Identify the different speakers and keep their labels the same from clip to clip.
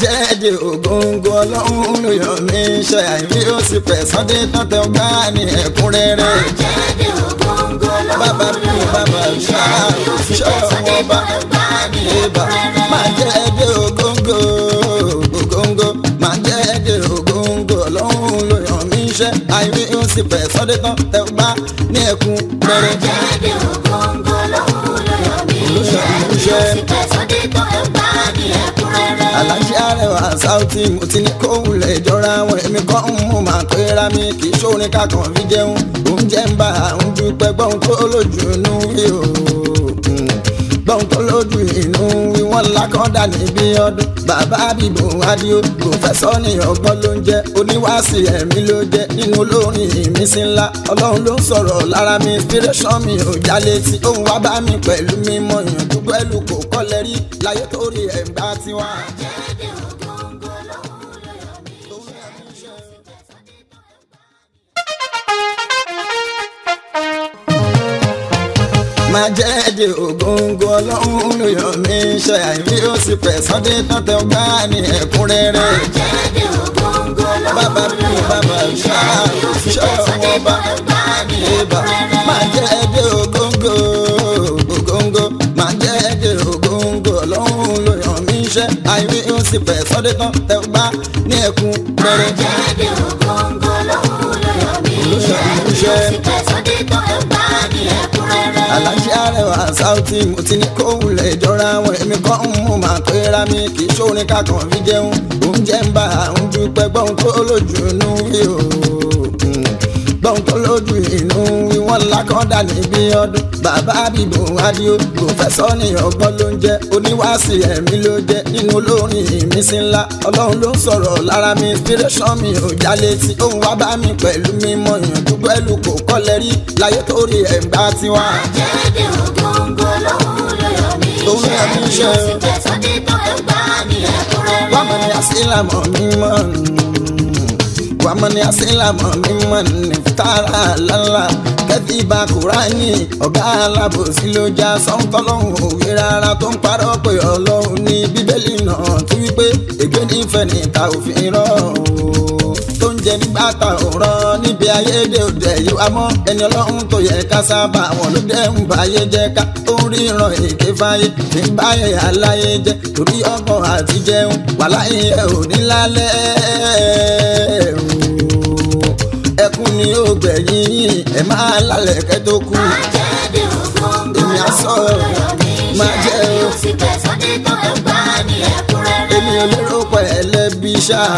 Speaker 1: jẹ́jẹ́ ògóńgó ọlọ́run ló yọ mí ṣe àìrí ó sì pẹ̀sán dé tọ́tẹ̀ ọgbà ní ẹ̀kúnrẹ́rẹ́. àjẹ́dẹ́ ògóńgó ọlọ́run ló yọ mí ṣe àìrí ó sì pẹ̀sán dé tọ́tẹ̀ ọgbà ní ẹ̀kúnrẹ́rẹ́. máa jẹ́jẹ́ ògóńgó ògóńgó máa jẹ́jẹ́ ògóńgó ọlọ́run ló yọ mí ṣe àìrí ó sì pẹ̀sán dé tọ́tẹ̀ ọgbà ní ẹ̀kúnrẹ́rẹ́. àjẹ́dẹ́ ògóńgó Arewa Sauty mo ti ní kó wulẹ̀ ìjọra wọn èmi kọ́ ń mú màá pera mi kì í ṣórin kakàn fi jẹun oúnjẹ ń bá àwọn dúpẹ́ gbọ́n tó lójú inú rí o gbọ́n tó lójú inú rí wọn lákọ́dà níbi ọdún bàbá bíbò adíó pòfẹ́sọ́ ní ọgbọ́n ló ń jẹ́ oníwàásì ẹ̀mí ló jẹ́ nínú olórin ìmísí ńlá ọlọ́run ló ń sọ̀rọ̀ lára mi inspiration mi ò jalè tí òun wá bá mi pẹ̀lú mímọ̀ yàn dúpẹ́ lu kò kọ́lẹ̀ láyé tó ẹ̀ ń bá tiwa. máa jẹ́ di ògóńgó ọlọ́run ló yọ mí ṣe àìrí ó sì fẹ̀sán dé tọ́tẹ̀ ọgbà ní ẹ̀kúnrẹ́rẹ́. máa jẹ́ di ògóńgó ọlọ́run ló yọ mí ṣe àìrí ó sì fẹ̀sán dé tọ́tẹ̀ ọgbà ní ẹ̀kúnrẹ́rẹ́. máa jẹ́ di ògóńgó ògóńgó máa jẹ́ di ògóńgó ọlọ́run ló yọ mí ṣe àìrí ó sì fẹ̀sán dé tọ́tẹ̀ ọgbà ní ẹ̀kúnrẹ́rẹ́. máa jẹ́ di ògóńgó ọlọ́run ló yọ mí ṣe àìrí ó sì fẹ̀sán dé tọ́tẹ̀ ọgbà ní ẹ̀kúnrẹ́rẹ́. Arewa Sauty mo ti ní kó wulẹ̀ jọra wọn èmi kọ́ ń mú màá pera mi kì í ṣòrin kakàn fi jẹun oúnjẹ ń bá àwọn dúpẹ́ gbọ́n tó lójú inú rí o hmm, gbọ́n tó lójú inú rí wọn lakọ́dà níbi ọdún bàbá àbíbò adíó pòfẹ́sọ́ ní ọgbọ́n ló ń jẹ́ oníwàásì ẹ̀mí ló jẹ́ nínú olórin ìmísí ńlá ọlọ́run ló ń sọ̀rọ̀ lára mi inspiration mi ò jalè tí òun wá bá mi pẹ̀lú mímọ yàn tó pẹ̀lú kò kọ́lẹ̀ rí láyé tó rí ẹ̀ tiwa. àjẹ́dẹ̀ ògóńgó lòun ló yọ mí iṣẹ́ ló sì tẹ̀sán dídán ẹ̀ gbá ní wàá mọ̀ ní àsìlámọ̀ mímọ́ nù. ومن يسلم ممن افترى الله kẹ́tìbà kùránì ọ̀gá alábòsí ló já sọ́ńtọ́lọ́hún òwe rárá tó ń parọ́ pé ọlọ́run ní bíbélì náà ti wípé ègbé nífẹ̀ẹ́ níta òfin rọ̀ tó ń jẹ nígbà ta òrọ̀ níbi ayédè òde yìí wá mọ́ ẹni ọlọ́run tó yẹ ká sábà wọn ló dẹ̀ ń báyé jẹ́ ká tó ń ríran èké fáyé ní báyé aláyé jẹ́ torí ọgbọ́n àti jẹun wàhálà yẹn ò ní lálẹ́ ẹ̀rù ni ó gbẹ̀yìn yín ẹ máa lálẹ́ kẹ́ tó kú. má jẹ́ di ògóńgó ọ̀rọ̀ má jẹ́ o. síbẹ̀ sọ́dí tó lè gbá ní ẹ̀kúnrẹ́rẹ́. èmi ò lérò pé ẹlẹ́bi ṣáà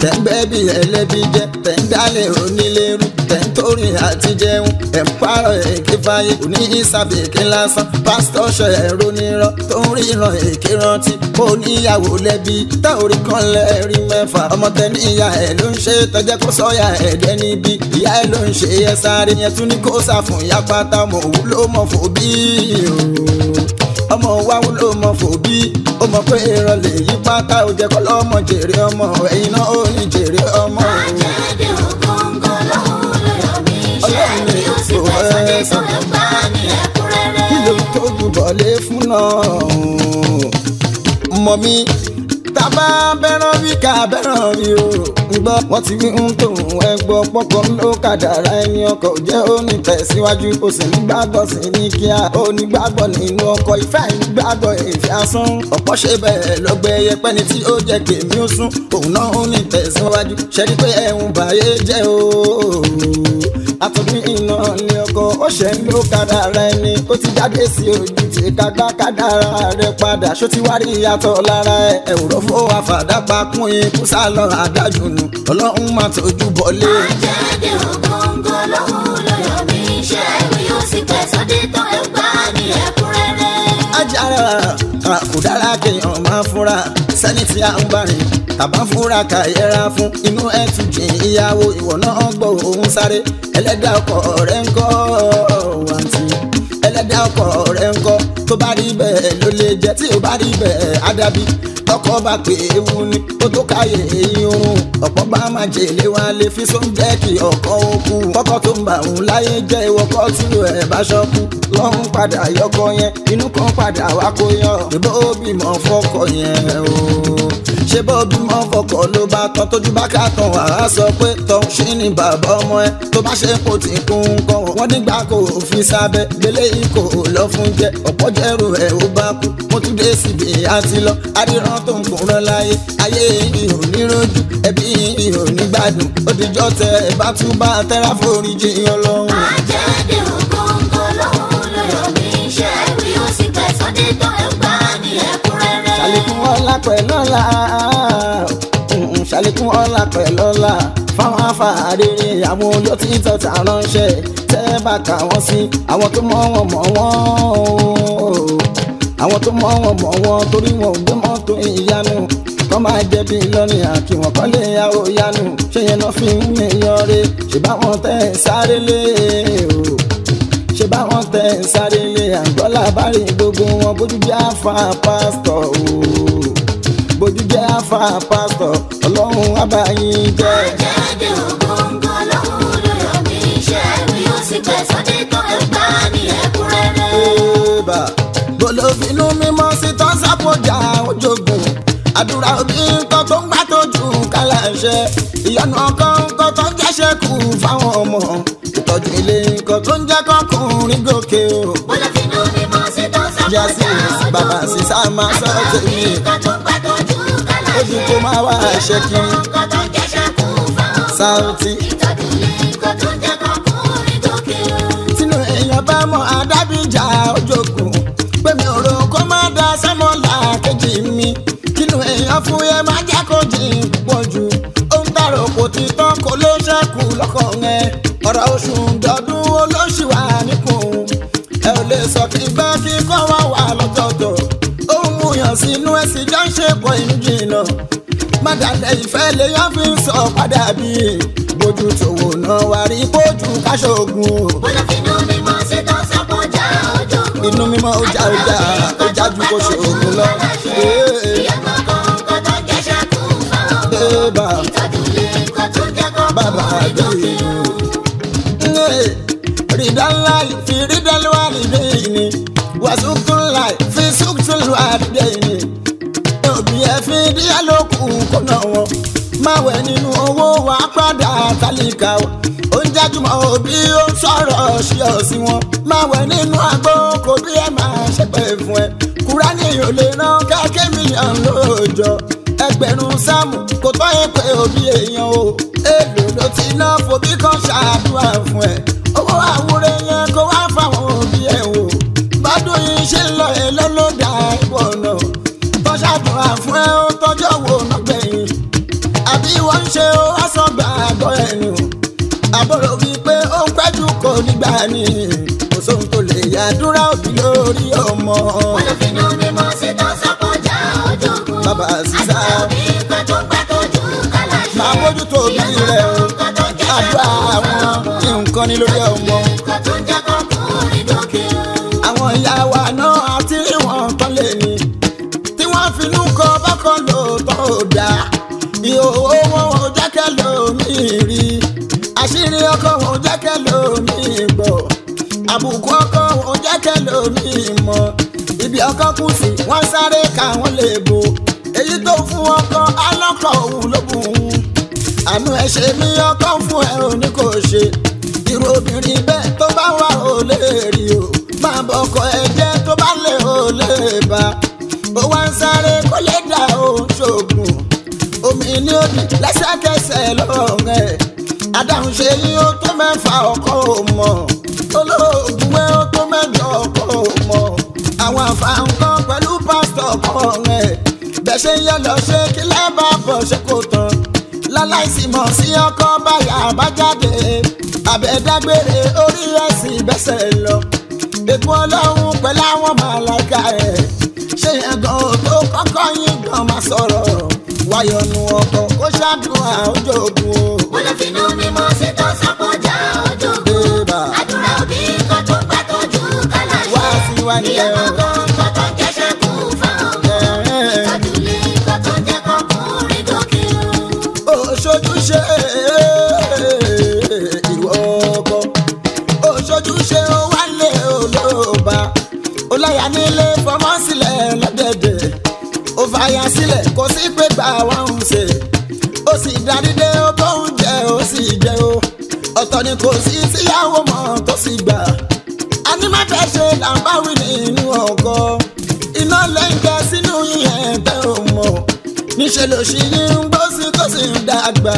Speaker 1: tẹ́ ń bẹ́ẹ̀ bí ẹlẹ́bi jẹ́ tẹ́ ń dálé onílérú nítorí àti jẹun ẹ̀ ń parọ́ èké fáyé kò ní ìsàbí èké lásán pásítọ̀ ṣọ ẹ̀rọ nírọ̀ tó ń ríran èké rántí mo níyàwó lẹ́bi tá orí kan lẹ́rí mẹ́fà ọmọ tẹ níyà ẹ̀ ló ń ṣe tọ́jẹ́ kó sọ́yà ẹ̀dẹ́ níbi ìyá ẹ̀ ló ń ṣe ẹ̀ sáré yẹn tún ní kó sàfún ìyá pátá mọ̀ wúlò mọ̀ fò bí ọmọ wa wúlò mọ̀ fò bí ó mọ̀ pé ìrọ̀lẹ́ yí pátá ò jẹ́ kọ́ lọ́mọ jèrè ọmọ ẹ̀yin náà ó ní jèrè ọmọ òun. àjẹsọ́rẹ́ bá ní ẹ̀kúnrẹ́rẹ́. kí ló tó dùbọ̀lé fún náà mọ̀ mi tábà bẹ́ràn wí ká bẹ́ràn rí o gbọ́ wọ́n ti wí ń tòun ẹgbọ́ pọ́kàn ló kàdàrà ẹni ọkọ̀ jẹ́ onítẹ̀síwájú ó sì ní gbàgbọ́ sí ní kíá ó ní gbàgbọ́ nínú ọkọ̀ ìfẹ́ àìní gbàgbọ́ ìfẹ́ asán ọ̀pọ̀ ṣe bẹ̀rẹ̀ lọ́gbẹ́ yẹpẹ́ ni tí ó jẹ́ kèmí ó sún òun náà ó ní pé ẹ̀hún bàyé jẹ́ ooo àtúndí iná ní ọkọ̀ ó ṣe ń lo kádàrá ẹni ó ti jáde sí ojú tí kágbá kádàrá rẹ padà ṣó ti wá rí ìyàtọ̀ lára ẹ ẹ̀rọ fún àfàdá pa kún ikú sá lọ àdájù nù ọlọ́run má tójú bọ́lé. àjẹ́dẹ̀ ògóńgó lòun lọ́yọ̀ mi ṣe sì tẹ̀sán dé tán ẹgbàá ní ẹ̀kúnrẹ́rẹ́. ajá kò dára kẹ́ fura sẹ́ni tí a ń bá rìn tàbá fúnra ká yẹra fún inú ẹ̀ tún jìn ìyàwó ìwọ náà gbọ́ òun sáré ẹlẹ́dàá ọkọ rẹ̀ ń kọ́ wàǹtí ẹlẹ́dàá ọkọ rẹ̀ ń tó bá rí bẹ́ẹ̀ ló lè jẹ́ tí ò bá rí bẹ́ẹ̀ ádàbí tọkọ bá pè é wù ni ó tó káyè irun ọ̀pọ̀ bá máa jèlé wa lè fi sóúnjẹ kí ọkọ òkú kọ́kọ́ tó ń bà ń láyé jẹ́ ìwọ́kọ́ tí ẹ̀ bá ṣọ́kú lọ́hún padà yọkọ yẹn inú kan padà wá kó yọ ìbò bímọ fọkọ yẹn o ṣé bọ́ọ̀dù mọ́ fọkàn ló bá tán tójú bá ká tán wàá sọ pé tán ṣì ní bàbá ọmọ ẹ tó bá ṣe kó ti kún kan wọn nígbà kò fi sábẹ́ gbélé yìí kò lọ fún jẹ ọ̀pọ̀ jẹ́rù ẹ̀ ó bá kú mo tún dé síbi àti lọ adìran tó ń kúnran láyé ayé ìhò níròjú ẹbí ìhò nígbàdùn òdìjọ́ tẹ ẹ bá tún bá tẹ́ra foríjì ọlọ́run. àjẹ́dẹ̀ ògóńgó lòun lọ́rọ̀ mi ṣe é rí ó sì gbẹ̀sán dé tán ẹ̀ ọlá pẹ̀lú ọlá ṣàlékún ọlá pẹ̀lú ọlá fáwọn afáàrèrè àwọn ọjọ́ tí tọ́ta ránṣẹ́ tẹ́ bá kà wọ́n sí àwọn tó mọ̀ wọ́n mọ̀ wọ́n àwọn tó mọ̀ wọ́n mọ̀ wọ́n torí wọn ò gbé mọ́tò ìyanu kọ́ máa jẹ́ bí lọ́rin àti wọn kọ́ lè ya ó yanu ṣé yẹn náà fi ń mèyàn re ṣe báwọn tẹ́ ẹ̀ sáré lé o ṣe báwọn tẹ́ ẹ̀ sáré lé àgbọ́lá bá rí gbogbo wọn bójú bí àfa pásítọ̀ o bójú jẹ́ àfà pásítọ̀ ọlọ́run á bá yín jẹ́. àjẹ́dé ògóńgó lọ́hùn ló yọ mí iṣẹ́ mi ó sì gbẹ̀sán dé tó ẹ gbá ní ẹ̀kúnrẹ́rẹ́. gbólófinú mímọ́ sí tọ́sàpọ̀jà ojogun àdúrà òbí nǹkan tó ń gbà tó jù kálàṣẹ ìyanu ọkàn nǹkan tó ń jẹ́ṣẹ́ kù fáwọn ọmọ ìtọ́jú ilé nǹkan tó ń jẹ́ kọkùnrin gòkè o. bólófinú mímọ́ sí tọ́sàpọ̀jà ojogun àdúrà òbí nǹkan tó ń gbà tó kálàṣẹ kí kó má wá ṣe kiri. Saoty. tinú èèyàn bá mọ adábíjà ojókòó gbẹmí òrò kó má da sẹ́mọ́là kejì mi kínú èèyàn fún yẹn má jẹ́ kó jìn pọ̀ jù ó ń tàrò kò ti tán kó ló ṣẹ́kù lọ́kọ̀ yẹn ọ̀rọ̀ oṣù dọ́dún olóṣìwà nípò ẹ ò lè sọ kí gbẹ́ kí kọ́ wá sínú ẹ̀sìn jọ ń ṣe kọ ìjìnà mọ̀dàlẹ̀ ìfẹ́ lèyàn fi ń sọ padà bí bójú tòwò náà wà rí kójú káṣogun. bọ́lá fi inú mímọ́ ṣe tó sọ́kọ̀ já ọjọ́. inú mímọ́ ó já ọjà ó já ju kó ṣoògùn lọ. ìyá kankan kọ́ jẹ́ ṣàkóso ìtọ́jú lè kọ́ tó jẹ́ kọ́ bàbá àjọyìn ridalai fi ridalwari deni wasukun lai fi sukun lai gbàwẹ̀ nínú owó wa padà tálíkà o ó ń jájúmọ́ òbí ó ń sọ̀rọ̀ ṣí ọ sí wọn máa wẹ̀ nínú agbó kò bí ẹ máa ṣẹpẹ́ fún ẹ kúránì ò lè rán káàkiri mílíọ̀nù lóòjọ́ ẹgbẹ̀rún sáàmù kò tọ́ ẹ pé òbí èèyàn o èlò ló ti ná fòbí kan ṣàdúrà fún ẹ. di pé ó ń gbájú kò ní gbà ní kò sóhun tó lè yàdúrà òbí lórí ọmọ. wọ́n ló fi inú mímọ́ sí tó sọ́kọjá ojúkùn. bàbá sísá àti òbí kan tó gbà tójú kálá ṣe. máa bójú tó bí rẹ̀ o àdúrà àwọn nǹkan ní lórí ọmọ. àwọn ìyá wa náà. jẹ́kẹ́ lómi gbọ́ àbùkù ọkọ wọn jẹ́kẹ́ lómi mọ́ ibi ọkọ kù sí wọ́n sáré káwọn lè bò èyí tó fún ọkọ alọ́kọ̀ òun ló bù ún àánú ẹ ṣe mí ọkọ fún ẹ ò ní kò ṣe irú obìnrin bẹ́ẹ̀ tó bá wà ó lè rí o máa bọkọ ẹ jẹ́ tó bá lè ó lè bá ó wá ń sáré kó lè dà ó ṣoògùn omi ní òbí lẹ́sẹ̀kẹsẹ̀ lọ́rùn ẹ̀ adáhùn ṣe yín ó tó mẹ́fà ọkọ ò mọ̀ olóògùn ẹ ó tó mẹ́jọ ọkọ ò mọ̀ àwọn àfàǹkan pẹ̀lú pásítọ̀ ọkọ rẹ̀ bẹ́ẹ̀ ṣe ń yẹ lọ ṣe kí lẹ́bà bọ̀ ṣe kò tán láláìsí mọ̀ sí ọkọ báyà àbájáde àbẹ̀dágbére orí ẹ̀sìn bẹ́sẹ̀ lọ ètò ọlọ́run pẹ̀lú àwọn màláìka ẹ̀ ṣé yẹn gan o tó kọ́kọ́ yín gan máa sọ̀rọ̀ wáyọ̀nù ọkọ̀ kó ṣáàdùn àwùjọ ògùn o. wa nìyẹn o. ojúṣe ìwọ ọkọ ojúṣe ó wá lé olóòbá ọláyà nílé fọmọ sílẹ̀ lọ́dẹ̀dẹ̀ ó fàyà kò sí pé gbà wá ń ṣe ó sì dárídé ó bóun jẹ ó sì jẹ ó ọ̀tọ̀ ni kò sí síyàwó mọ́ tó sì gbà á ní má fẹ́ ṣe làǹbáwí wọn ọkọ iná lẹ́ńgà sínú yìnyẹn tẹ́ ò mọ̀ níṣẹ́ ló ṣì ń gbó sí tó sì ń dàgbà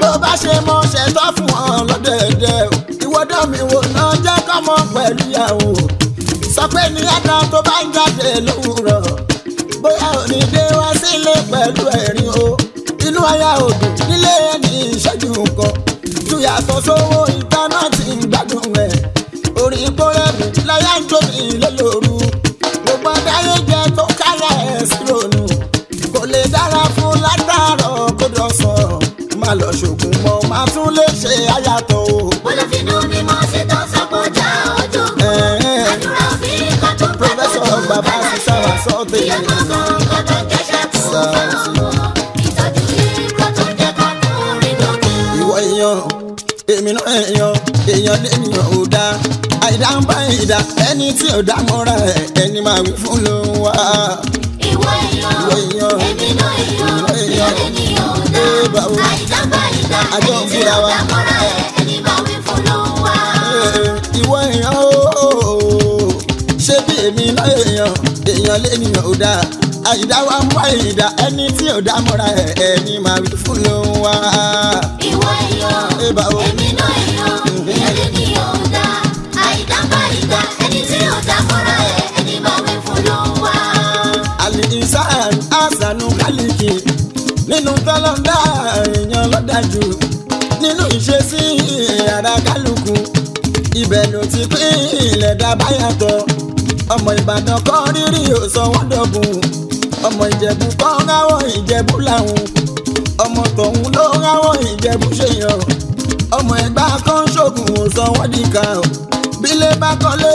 Speaker 1: bó bá ṣe mọ ṣẹ̀tọ́ fún wọn lọ́dẹ̀ẹ̀dẹ̀ ìwọ́dọ̀ mi wò náà jẹ́ kọ́mọ pẹ̀lú ìyàwó sọ pé ní ẹ̀dá tó bá ń jáde lówùrọ̀ bóyá ò ní dé wá sílé pẹ̀lú ẹ̀rín o inú aya òdùn nílé ẹni ìṣẹ́jú nǹkan ju yàtọ̀ sówó ìtaná ti ń gbádùn ẹ̀ orí kórè mi láyà ń jó lọ́lọ́rù. tún lè ṣe àyàtọ̀ o. olùfinú bí mo ṣe tán sọ́kọjá ojú mi. àdúrà òbí kan tó pàtó tó bàbá ṣe sára sọ́ọ̀tẹ̀. ìyá kan kan kan tó jẹ́ṣẹ́ kú fáwọn ọmọ. ìtọ́jú yìí kan tó jẹ́ ká kún rí lókè. ìwọ èèyàn èmi náà èèyàn èèyàn lèèyàn ò dáa àìdá ń bá ìdá ẹni tí ò dá mọ́ra ẹ̀ ẹni máa wí fún ló ń wá. ìwọ èèyàn èmi náà èèyàn èèyàn lèèyàn ò dáa àìdá ń bá ìdá àjọ fúnra wa. ìwọ èèyàn o ṣé bí èmi náà èèyàn èèyàn lẹ́nìyàn ò dáa àyídá wa mú àyídá ẹni tí ò dá mọ́ra ẹ̀ ẹni máa wí fún ló ń wá. ìwọ èèyàn èmi náà èèyàn èèyàn mhm. lẹ́nìyàn
Speaker 2: ò dáa ẹni tí ò dá mọ́ra ẹ̀ ẹni
Speaker 1: máa wí fún ló ń wá. àlè ìsáà àṣànú kálíkì nínú tọ́lọ́dá ẹ̀ jù nínú ìṣesí ara kálukú ibẹ̀ ló ti pín ilẹ̀ dábàá yàtọ̀ ọmọ ìbàdàn kọ́ rírì òsànwọ́dọ̀gùn ọmọ ìjẹ̀bú kọ́ ráwọ̀ ìjẹ̀bú làwọn ọmọ tọ̀hún ló ráwọ̀ ìjẹ̀bú ṣèyàn ọmọ ẹ̀gbá kan ṣògùn òsànwọ́dìkà bílé bá kọ́lé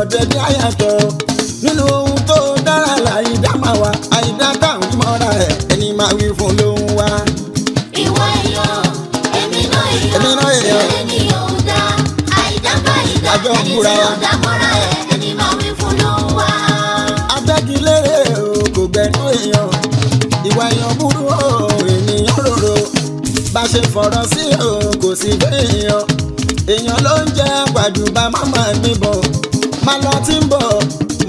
Speaker 1: ọ̀dẹ̀dẹ̀ àyàtọ̀ nínú ohun tó dára là ìdá máa wà jọ kúra wa. èyí tí ó dákọ́ra ẹ̀ ẹni máa wí fún ló ń wá. abẹ́gilére o kò gbẹ̀nú èèyàn ìwà èèyàn burú o ènìyàn rorò bá ṣe fọ̀rọ̀ sí o kò sí béèyàn èèyàn ló ń jẹ́ pàdùbà má máa níbọn má lọ tí ń bọ̀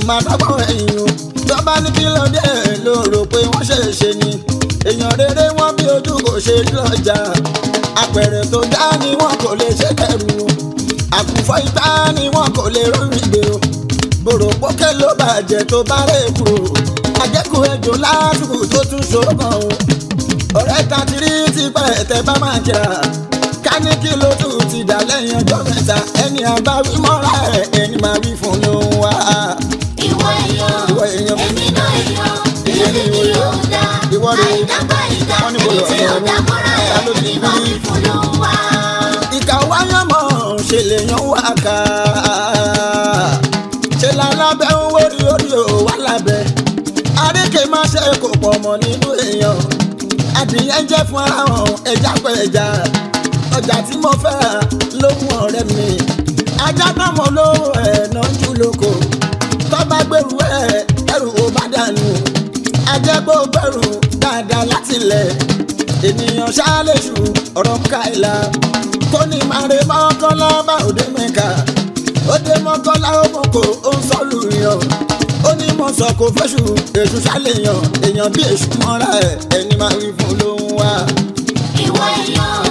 Speaker 1: má dọ́gbọ́n ẹ̀yìn o tọ́ba ní kí ló dé ló rò pé wọ́n ṣe é ṣe ni èèyàn rere wọn bí ojú kò ṣe rí lọ́jà àpẹẹrẹ tó dá ni wọn kò lè ṣe kẹrù o àkùfọ ìta ni wọn kò lè rórí gbé o bòròpókè ló bàjẹ́ tó bá rè kúrò àjẹkù ẹjọ lásìkò tó tún ṣòkan o ọ̀rẹ́ ta ti rí tipẹ́ ẹ̀tẹ́ bá máa jà ká ní kí ló tún ti dà lẹ́yìn ọjọ́ mẹ́ta ẹni àbá wí mọ́ra ẹ̀ ẹni máa wí fún ló ń wá. ìwọ èèyàn èmi náà èèyàn èmi ni yóò dá àìdágbà ìdá ẹni tí yóò dá mọ́ra ẹ̀ ẹni máa wí fún ló ń wá ṣe lèèyàn wà ká ṣe lálábẹ́ ń wórí orí ò wá lábẹ́ àríkè má ṣe kò pọ̀ mọ́ nínú èèyàn adìyẹ ń jẹ́ fún ara ẹja pẹ̀ ẹja ọjà tí mo fẹ́ ló mú ọ̀rẹ́ mi ajá náà mọ̀ lóhùn ẹ̀ náà jù lóko tọ́ba gbèrú ẹ̀ ẹrù ò bá dànù ajẹ́gbó gbẹ̀rù dáadáa láti lẹ̀ ènìyàn ṣáàlẹ̀ṣù ọ̀rọ̀ káìlà kó ní màrè mọ́kànlá bá òde mẹ́ka òde mọ́kànlá ó mọ̀ kó ó ń sọ́lù yàn ó ní mọ̀ sọ kó fẹ́ṣù èṣù ṣàlẹ̀yàn èèyàn bí èṣù mọ́ra ẹ̀ ẹni máa wí fún ló ń wá. ìwọ èèyàn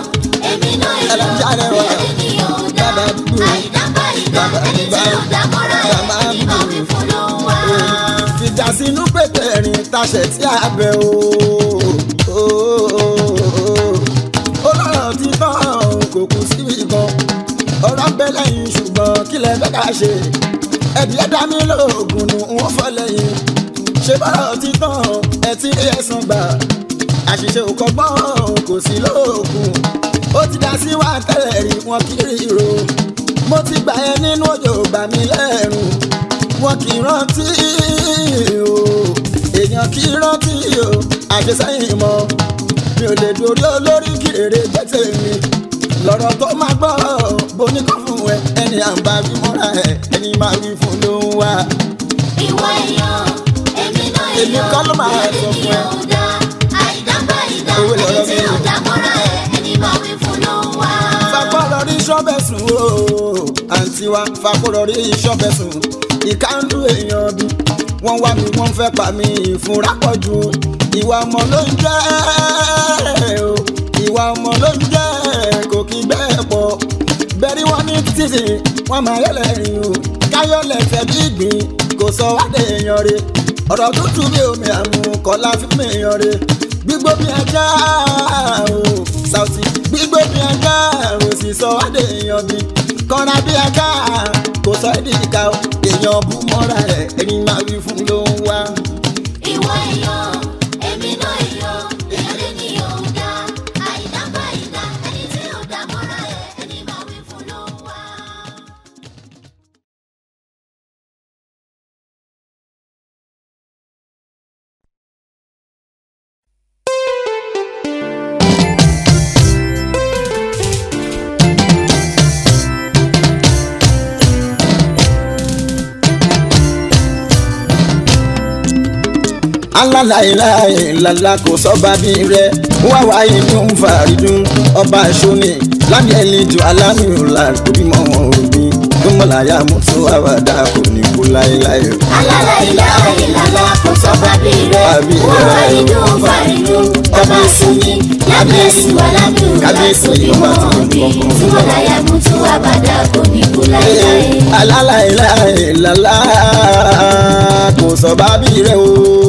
Speaker 1: èmi náà èèyàn ènìyàn ò dá àìdábà ìdá ẹni tí ò dá mọ́ra ẹ̀ ẹni máa fún ló ń wá. fìjà sínú pètè rìn taṣẹ̀ tí a bẹ̀ o ó lọ́rọ̀ tí bá òun kò kù síbi ìbọn ọ̀rọ̀ ń bẹ lẹ́yìn ṣùgbọ́n kí lẹ fẹ́ ká ṣe ẹ̀díẹ̀ dá mi lóògùn nù ń fọ́ lẹ́yìn ṣé bọ́rọ̀ ti tán ẹ ti rí ẹ̀sùn gbà àṣìṣe ò kọ́gbọ́n kò sí lóògùn ó ti dá sí wá tẹ́lẹ̀ rí wọn kiri ìró mo ti gbà ẹ nínú òjò gbà mí lẹ́rù wọn kì í rántí o èèyàn kì í rántí o àṣesẹ́yìn mọ́ mi ò lè dorí olórí kìrèrè jẹ́ tèmi lọ́rọ̀ tó máa gbọ́ bó ní kọ́ fún ẹ ẹni à ń bá wí mọ́ra ẹ ẹni máa wí fún ló ń wá. ìwọ èèyàn èmi náà èèyàn èmi kọ́ ló máa sọ fún ìdá ẹni tí ò mọ́ra ẹ ẹni máa wí fún ló ń wá. fakọ́rọ̀ rí sọ́bẹ̀ sùn o àǹtí wa fakọ́rọ̀ rí sọ́bẹ̀ sùn ìkàndù èèyàn bíi wọ́n wá mi wọ́n fẹ́ pa mi ìfúnra pọ̀ jù ìwà ọmọ ló ń jẹ́ o ìwà ọmọ ló ń jẹ́ kò kí gbẹ́ pọ̀ bẹ́ẹ̀ni wọ́n ní títì wọ́n máa yọ̀lẹ̀ rìn o káyọ̀lẹ̀ fẹ́ bí gbìn kò sọ wádé èèyàn rẹ̀ ọ̀rọ̀ tútù bí omi àmú kọ́lá fi mi èèyàn rẹ̀ gbígbó mi ajá o Saoty gbígbó mi ajá o sì sọ wádé èèyàn bíi kọ́ra bí ajá kò sọ ẹ́ dìgbà èèyàn bú mọ́ra ẹ̀ ẹni máa wí fún ló ń wá. ìwọ èèyàn. alálàìláìlàlà kò sọ́ba bí rẹ wá wá inú fàrídùn ọba ìṣóni lábẹ́ ẹlẹ́jọ́ alámìlá kò bímọ wọn ò bí gbọ́mọláyà mọ́tò àwàdà kò ní kú láéláé. alálàìláìlàlà kò sọ́ba bí rẹ wá wá inú fàrídùn ọba ìṣóni lábẹ́ ẹlẹ́jọ́ alámìlá kò ní kú láéláé. gbọ́mọláyà mọ́tò
Speaker 2: àwàdà kò ní
Speaker 1: kú láéláé. alálàìláìlàlà kò sọ́ba bí rẹ o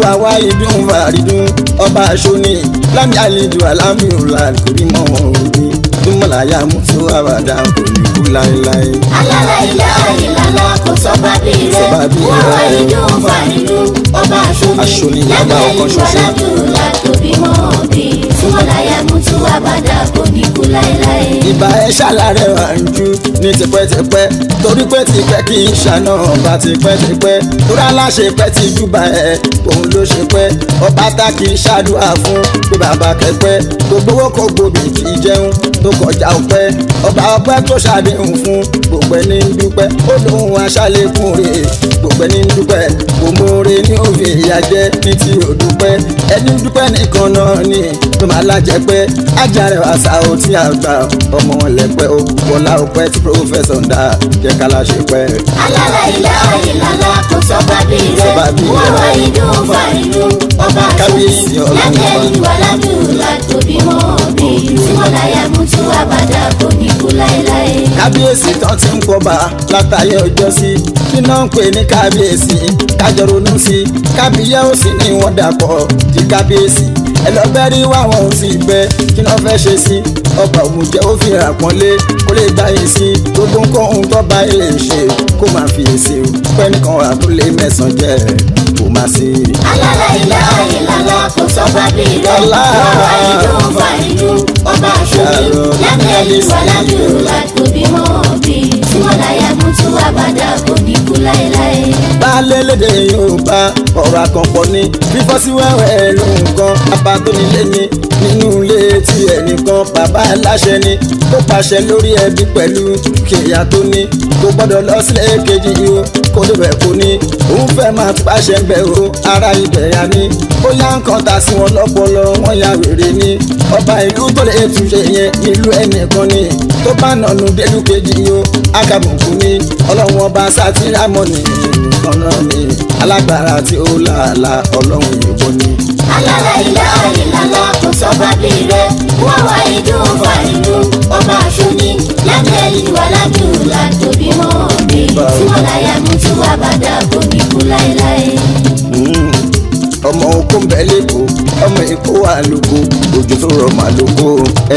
Speaker 1: wà wá idun fàrídun ọba aṣọ́ni lámì àlejò àlámì òrùlà kò rí mọ́ wọn òbí dúmọ̀láyà mọ́tò àwàdà kò ní kú láéláé. alálà ilé
Speaker 2: ìlànà kò sọ́ba bí rẹ̀ wọ́n wá idun
Speaker 1: fàrídun ọba aṣọ́ni lámì àlejò àlámì òrùlà
Speaker 2: kò rí mọ́ òbí mutuwalaya mutuwabada kò e ní kú láéláé. ìbá ẹ
Speaker 1: ṣàlàrẹ̀ wà ń jú ní tipẹ́tipẹ́ torí pé tipẹ́ kì í ṣàná ọba tipẹ́tipẹ́ tóra láṣẹ pẹ́ ti júbà ẹ̀ òun ló ṣe pẹ́ ọba tá kì í ṣàdúrà fún pé bàbá kẹ́pẹ́ gbogbo owó kò gbòbì jẹun tó kọjá ọpẹ́ ọba ọpẹ́ tó ṣàdéhùn fún gbogbo ẹni ń ó lóhun aṣálẹ̀kùn rè gbogbo ẹni ń dúpẹ́ kò mórè ní ìyá jẹ́ ní tí ò ẹni ń nìkan náà ni tó máa lájẹ pé ajáre àṣà ò tí a gbà ọmọ ọlẹ́pẹ́ ó wọlá ọpẹ́ tí pírọfẹ́sọ̀ ń dá jẹ́ kálá ṣe pẹ́. alára ìlà ìlànà kò sọ bàbí rẹ̀ wọ́n wá ìdún fàìlú ọba kábíyèsí ọlọ́mọba. kábíyèsí tán ti ń kọba látàyè ọjọ́ sí kíná ń pè ní kábíyèsí kájọ ronú sí kábíyà ó sì ní wọ́n dàpọ̀ di kábíyèsí ẹlọgbẹ́ rí wàwọn ò sì bẹ kí ló fẹ́ ṣe sí ọba òmùjẹ́ ó fi hàn pọ́nlé kó lè gba èsì gbogbo nǹkan ohun tó bá èèṣe kó máa fi èsì pẹ́ẹ́nìkan àtúnlé mẹ́sàn-án jẹ́ rẹ̀ má sí. alálà ilá ìlàlá kò sọ bá bí rẹ̀ lọ́wọ́ àìdùn fàìdùn ọba àṣọ mi lábẹ́ ìwà lábẹ́ òun
Speaker 2: láti òbí bí wàláyà mútu àbàdà kò ní kú láéláé.
Speaker 1: Baálẹ̀ lédè Yorùbá ọ̀rọ̀ àkànpọ̀ ni fífọ́ sí wẹ́wẹ́ ẹ̀rù nǹkan bàbá tó nílé ni nínú ilé tí ẹnìkan bàbá aláṣẹ ni tó pàṣẹ lórí ẹbí pẹ̀lú kìyà tó ní kò gbọ́dọ̀ lọ sílé kejì o kó débẹ̀ kó ní òun fẹ́ máa pàṣẹ ń bẹ̀ o ara ibẹ̀ ya ni bóyá nǹkan ta sí wọn lọ́pọlọ wọn ya wèrè ni ọba ìlú tó lè túnṣe yẹn ìlú ẹnìkan ni tó bá nànú délùkejì o àk ṣàbùkún ní ọlọ́run ọba sátìrámọ́ ní ìkànnà ní alágbára tí ó làálà ọlọ́run òyìnbó ní.
Speaker 2: alára ìlà ìlàlá kò sọ bá bí rẹ wọ́n wá ijó fa ìlú ọba
Speaker 1: àṣọni lábẹ́ ìwà ládùn ládùn wọ́n bí tí wọ́n láyà mú tí wọ́n bá dà kó bí kú láéláé ọmọ okó ń bẹ lẹ́kọ̀ọ́ ọmọ èkó wà lóko òjò tó rọ̀ máa lóko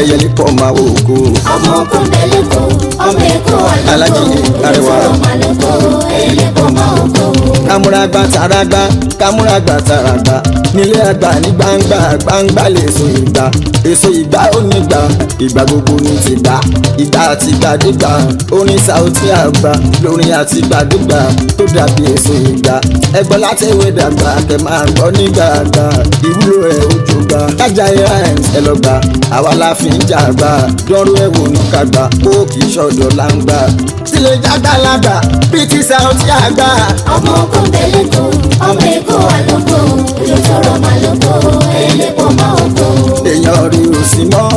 Speaker 1: ẹyẹ lẹ́kọ̀ọ́ máa wò kó. ọmọ okó ń bẹ lẹ́kọ̀ọ́ ọmọ èkó wà lóko alájìlẹ̀ àrẹwà òjò tó rọ̀ máa lóko
Speaker 2: ẹyẹ lẹ́kọ̀ọ́ máa wò kó.
Speaker 1: kámúragbá tàràgbá kámúragbá tàràgbá nílé àgbà ní gbangba gbangba lè so ìgbà èso ìgbà ó ní gbà ìgbà gbogbo ní ti gbà ìgbà àti gbàdégbà orin Saoty Agba lórin àti gbàdégbà tó dàbí èso ìgbà ẹgbọ́n látẹ̀wé dàgbà kẹ máa gbọ́ ní gbàgbà ìwúlò rẹ̀ ó jò gbà Ajayi Rhymes ẹ lọ gbà àwa la fi ń jà gbà dọ́rọ́ ẹ̀ wò ní kàgbà kó kì í ṣọ̀dọ̀ là ń gbà. sílẹ̀ jágbàlagbà pt sound ti àgbà. ọmọ okun tẹ̀lé tó ọmọ èkó àlọ́kọ̀ olùsọ̀rọ̀ màlúkọ̀ ẹ̀ẹ́dẹ́gbọ̀n máa ń kọ́. èèyàn rí òsì mọ́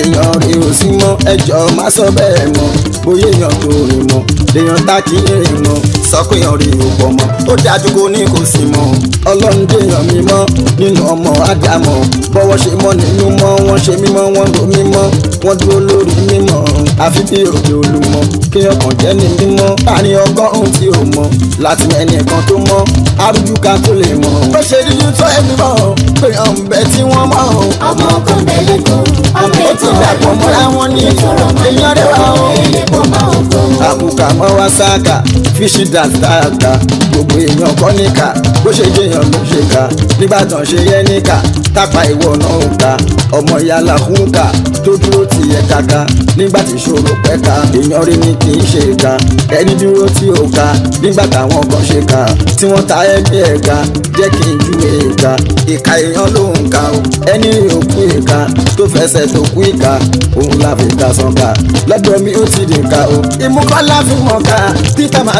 Speaker 1: èèyàn rí òsì mọ́ ẹjọ́ má sọ bẹ́ẹ̀ mọ́ bóyá èèyàn tó rìn mọ́ èèyàn tá kí rìn mọ́ sọ pé ọ̀rẹ́ ò pọ̀ mọ́ tó dájú kó ní kò sí mọ́ ọlọ́run déèyàn mi mọ́ nínú ọmọ àdámọ̀ bọ́wọ́ ṣe mọ́ nínú mọ́ wọ́n ṣe mímọ́ wọ́n lò mímọ́ wọ́n dúró lórí mímọ́ àfi bí òde olùmọ̀ kí ọkàn jẹ́ ní mímọ́ láàrin ọgọ́rùn-ún tí ò mọ̀ láti ẹnìkan tó mọ́ arúgbó ká tó lè mọ̀. ó ṣe dúdú tó ẹnu mọ̀ pé ọ̀nbẹ tí wọ́n mọ̀. ọmọ kan bẹ lẹ́kọ̀ọ́ ọmọ ètò ìdàpọ̀ mọ́ra wọn ní èèyàn rẹwà o. àbùkà mọ́ wá sáàkà fíṣì dàtàtà gbogbo èèyàn kọ́ níkà bó ṣe jẹyàn ló ṣe kà nígbàdàn ṣe yẹ níkà tápà ìwọ náà ń ta ọmọ ìyálà fún tó dúró ti yẹ kaka nígbà tí ṣòro pẹ́ka èèyàn rí ni kì í ṣe ìka ẹni dúró tí ò ka nígbà táwọn kan ṣe ka tí wọ́n ta ẹgbẹ́ ẹ̀ga jẹ́ kí n júwe ìka ìka èèyàn ló ń ka o ẹni òkú ìka tó fẹsẹ̀ tó kú ìka òun láfi ìka sanka lọ́dọ̀ mi ó ti dìka o ìmúkọ́lá fi mọ̀ ká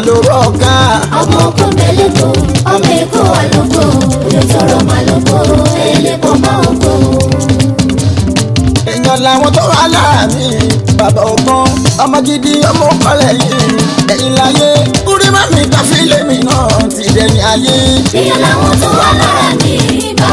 Speaker 1: lóró ọ̀gá. ọmọ ọkọ mẹlẹgbọ ọmọ èkó àlọgbọ olùtọrọ màlọgbọ ẹlẹgbọ máa ń gbọ. èèyàn làwọn tó wà láàmì bàbá ọgbọ́n ọmọ gidi ọmọ ọkọlẹ yìí ẹ̀yìn láyé kúrí mi tàfílẹ̀ mi náà ti dẹ̀yìn ayé. èèyàn làwọn tó wà láàmì bàbá ọgbọ́n.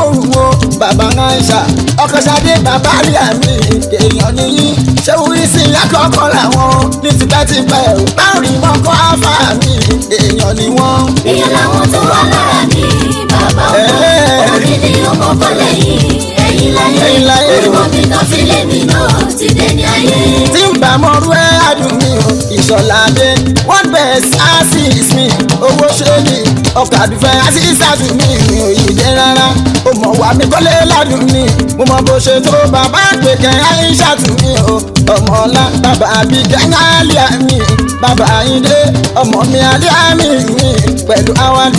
Speaker 1: mòrùn o bàbá ránṣà ọkọ̀ṣadé bàbá rí mi. èèyàn nìyí ṣé orí sí akọ́kọ́ làwọn ní tipẹ́tipẹ́ ò bá rí mọ́kọ́ áfà mi èèyàn ni wọ́n. èèyàn làwọn tó wà lára mi bàbá ọmọ ògidì ọmọ kọ́lẹ̀ yìí ẹ̀yìn mi tó fi mi náà ti dé ní ayé. tí ń bá mọ rú ẹ adùn mi ò ìṣọ̀lá dé one best assist mi owó ṣe ni ọkọ̀ àdùfẹ́ assist adùn mi mi ò yí dé rárá o mọ̀ wá mi kọ́lé ládùn mi mo mọ bó ṣe tó bàbá àgbẹ̀kẹ́ àyíṣà tù mí o ọmọ ọlá bàbá àbíkẹ́ àlíà mi bàbá àyíndé ọmọ mi àlíà mi mi pẹ̀lú àwàlù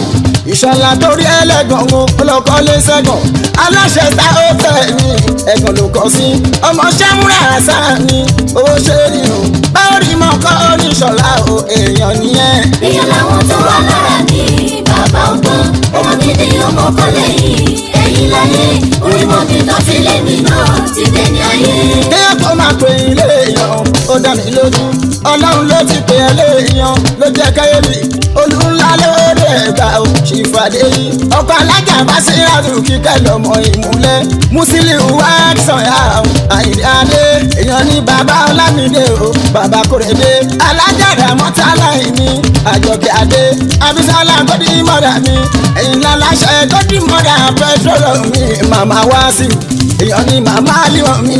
Speaker 1: ìṣọ̀lá torí ẹlẹ́gàn olóko lé sẹ́gàn aláṣẹ ta ó tẹ̀ ní ẹ̀gàn ló kọ́ sí ọmọ sẹ́múrà àṣà ni owó ṣe rí o báwo rí mọ́ kọ́ oníṣọ̀lá o èèyàn nìyẹn. èèyàn làwọn tó wà lára ni bàbá ọgbọ́n ọmọ gidi ọmọ kọ́lẹ̀ yìí
Speaker 2: ẹ̀yìn láyé orí mi tó ti lé mi náà ti dé ní ayé.
Speaker 1: kéèyàn kó máa pè é ilé èèyàn ó dá mi lójú ọlọ́run ló ti pè é léèyàn ló jẹ́ káyé mi olùńlá lóde ẹ̀gbà o ṣìfàdé yìí ọkọ̀ alájà bá sí ìrànlù kíkẹ́ lọ́mọ ìmúlẹ̀ Musiliu Watson àwọn àyìnlẹ̀ adé èèyàn ní bàbá ọlámídé o bàbá kòrèdé alájà ràmọ́tà láìní àjọkẹ́ adé abisalá gọ́dí mọ́dà mi èyí lálàṣẹ gọ́dí mọ́dà pẹ́trọ́lù mi màmá wá sí i èèyàn ni màmá àlìwọ̀n mi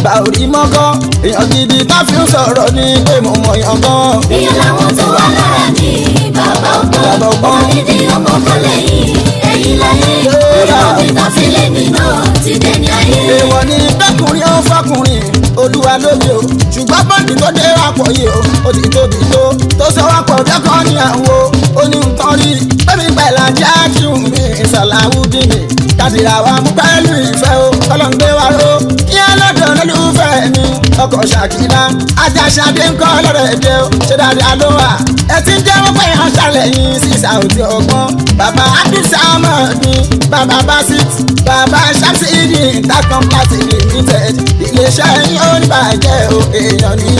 Speaker 1: gbà orí mọ́gán èèyàn gidi tá fi ń sọ̀rọ̀ ní pé mo mọ̀ yàn gan. èèyàn làwọn tó wà lára mi bàbá ọgbọ́n ọmọ dídí ọmọ kan lẹ́yìn ẹ̀yìn láyé ìrọ̀bì tá fi lé mi náà ti dẹni ayé. èèwọ̀ ni bẹ́kùnrin ó fọkùnrin olúwa lóye o ṣùgbọ́n bọ́ọ̀dù tó dé wà pọ̀ yìí o ó ti tóbi tó tó sọ wà pọ̀ kẹ́kọ̀ọ́ ní àwo ó ní nǹkan rí bẹ́ẹ̀ mi pẹ̀lú ajá kí n mi ìsàlàwù dì mí kásìrà wa mú pẹ́lú ìfẹ́ o ọlọ́ngbé wa ró yẹn lọ́dọ̀ lọ́lùfẹ́ mi ọkọ̀ ṣàkìlá àti ńkọ́ lọ́rọ̀ èdè o ṣé dáadáa ló wà. ẹ ti ń jẹ́ wọ́n pé hàn ṣàlẹ̀yìn sísà òtí ọgbọ́n bàbá abdulsa ahmed bàbá basit bàbá ṣàṣìlì takàn pàṣẹ limited iléeṣẹ́ yín ó ní bàjẹ́ o èèyàn ní.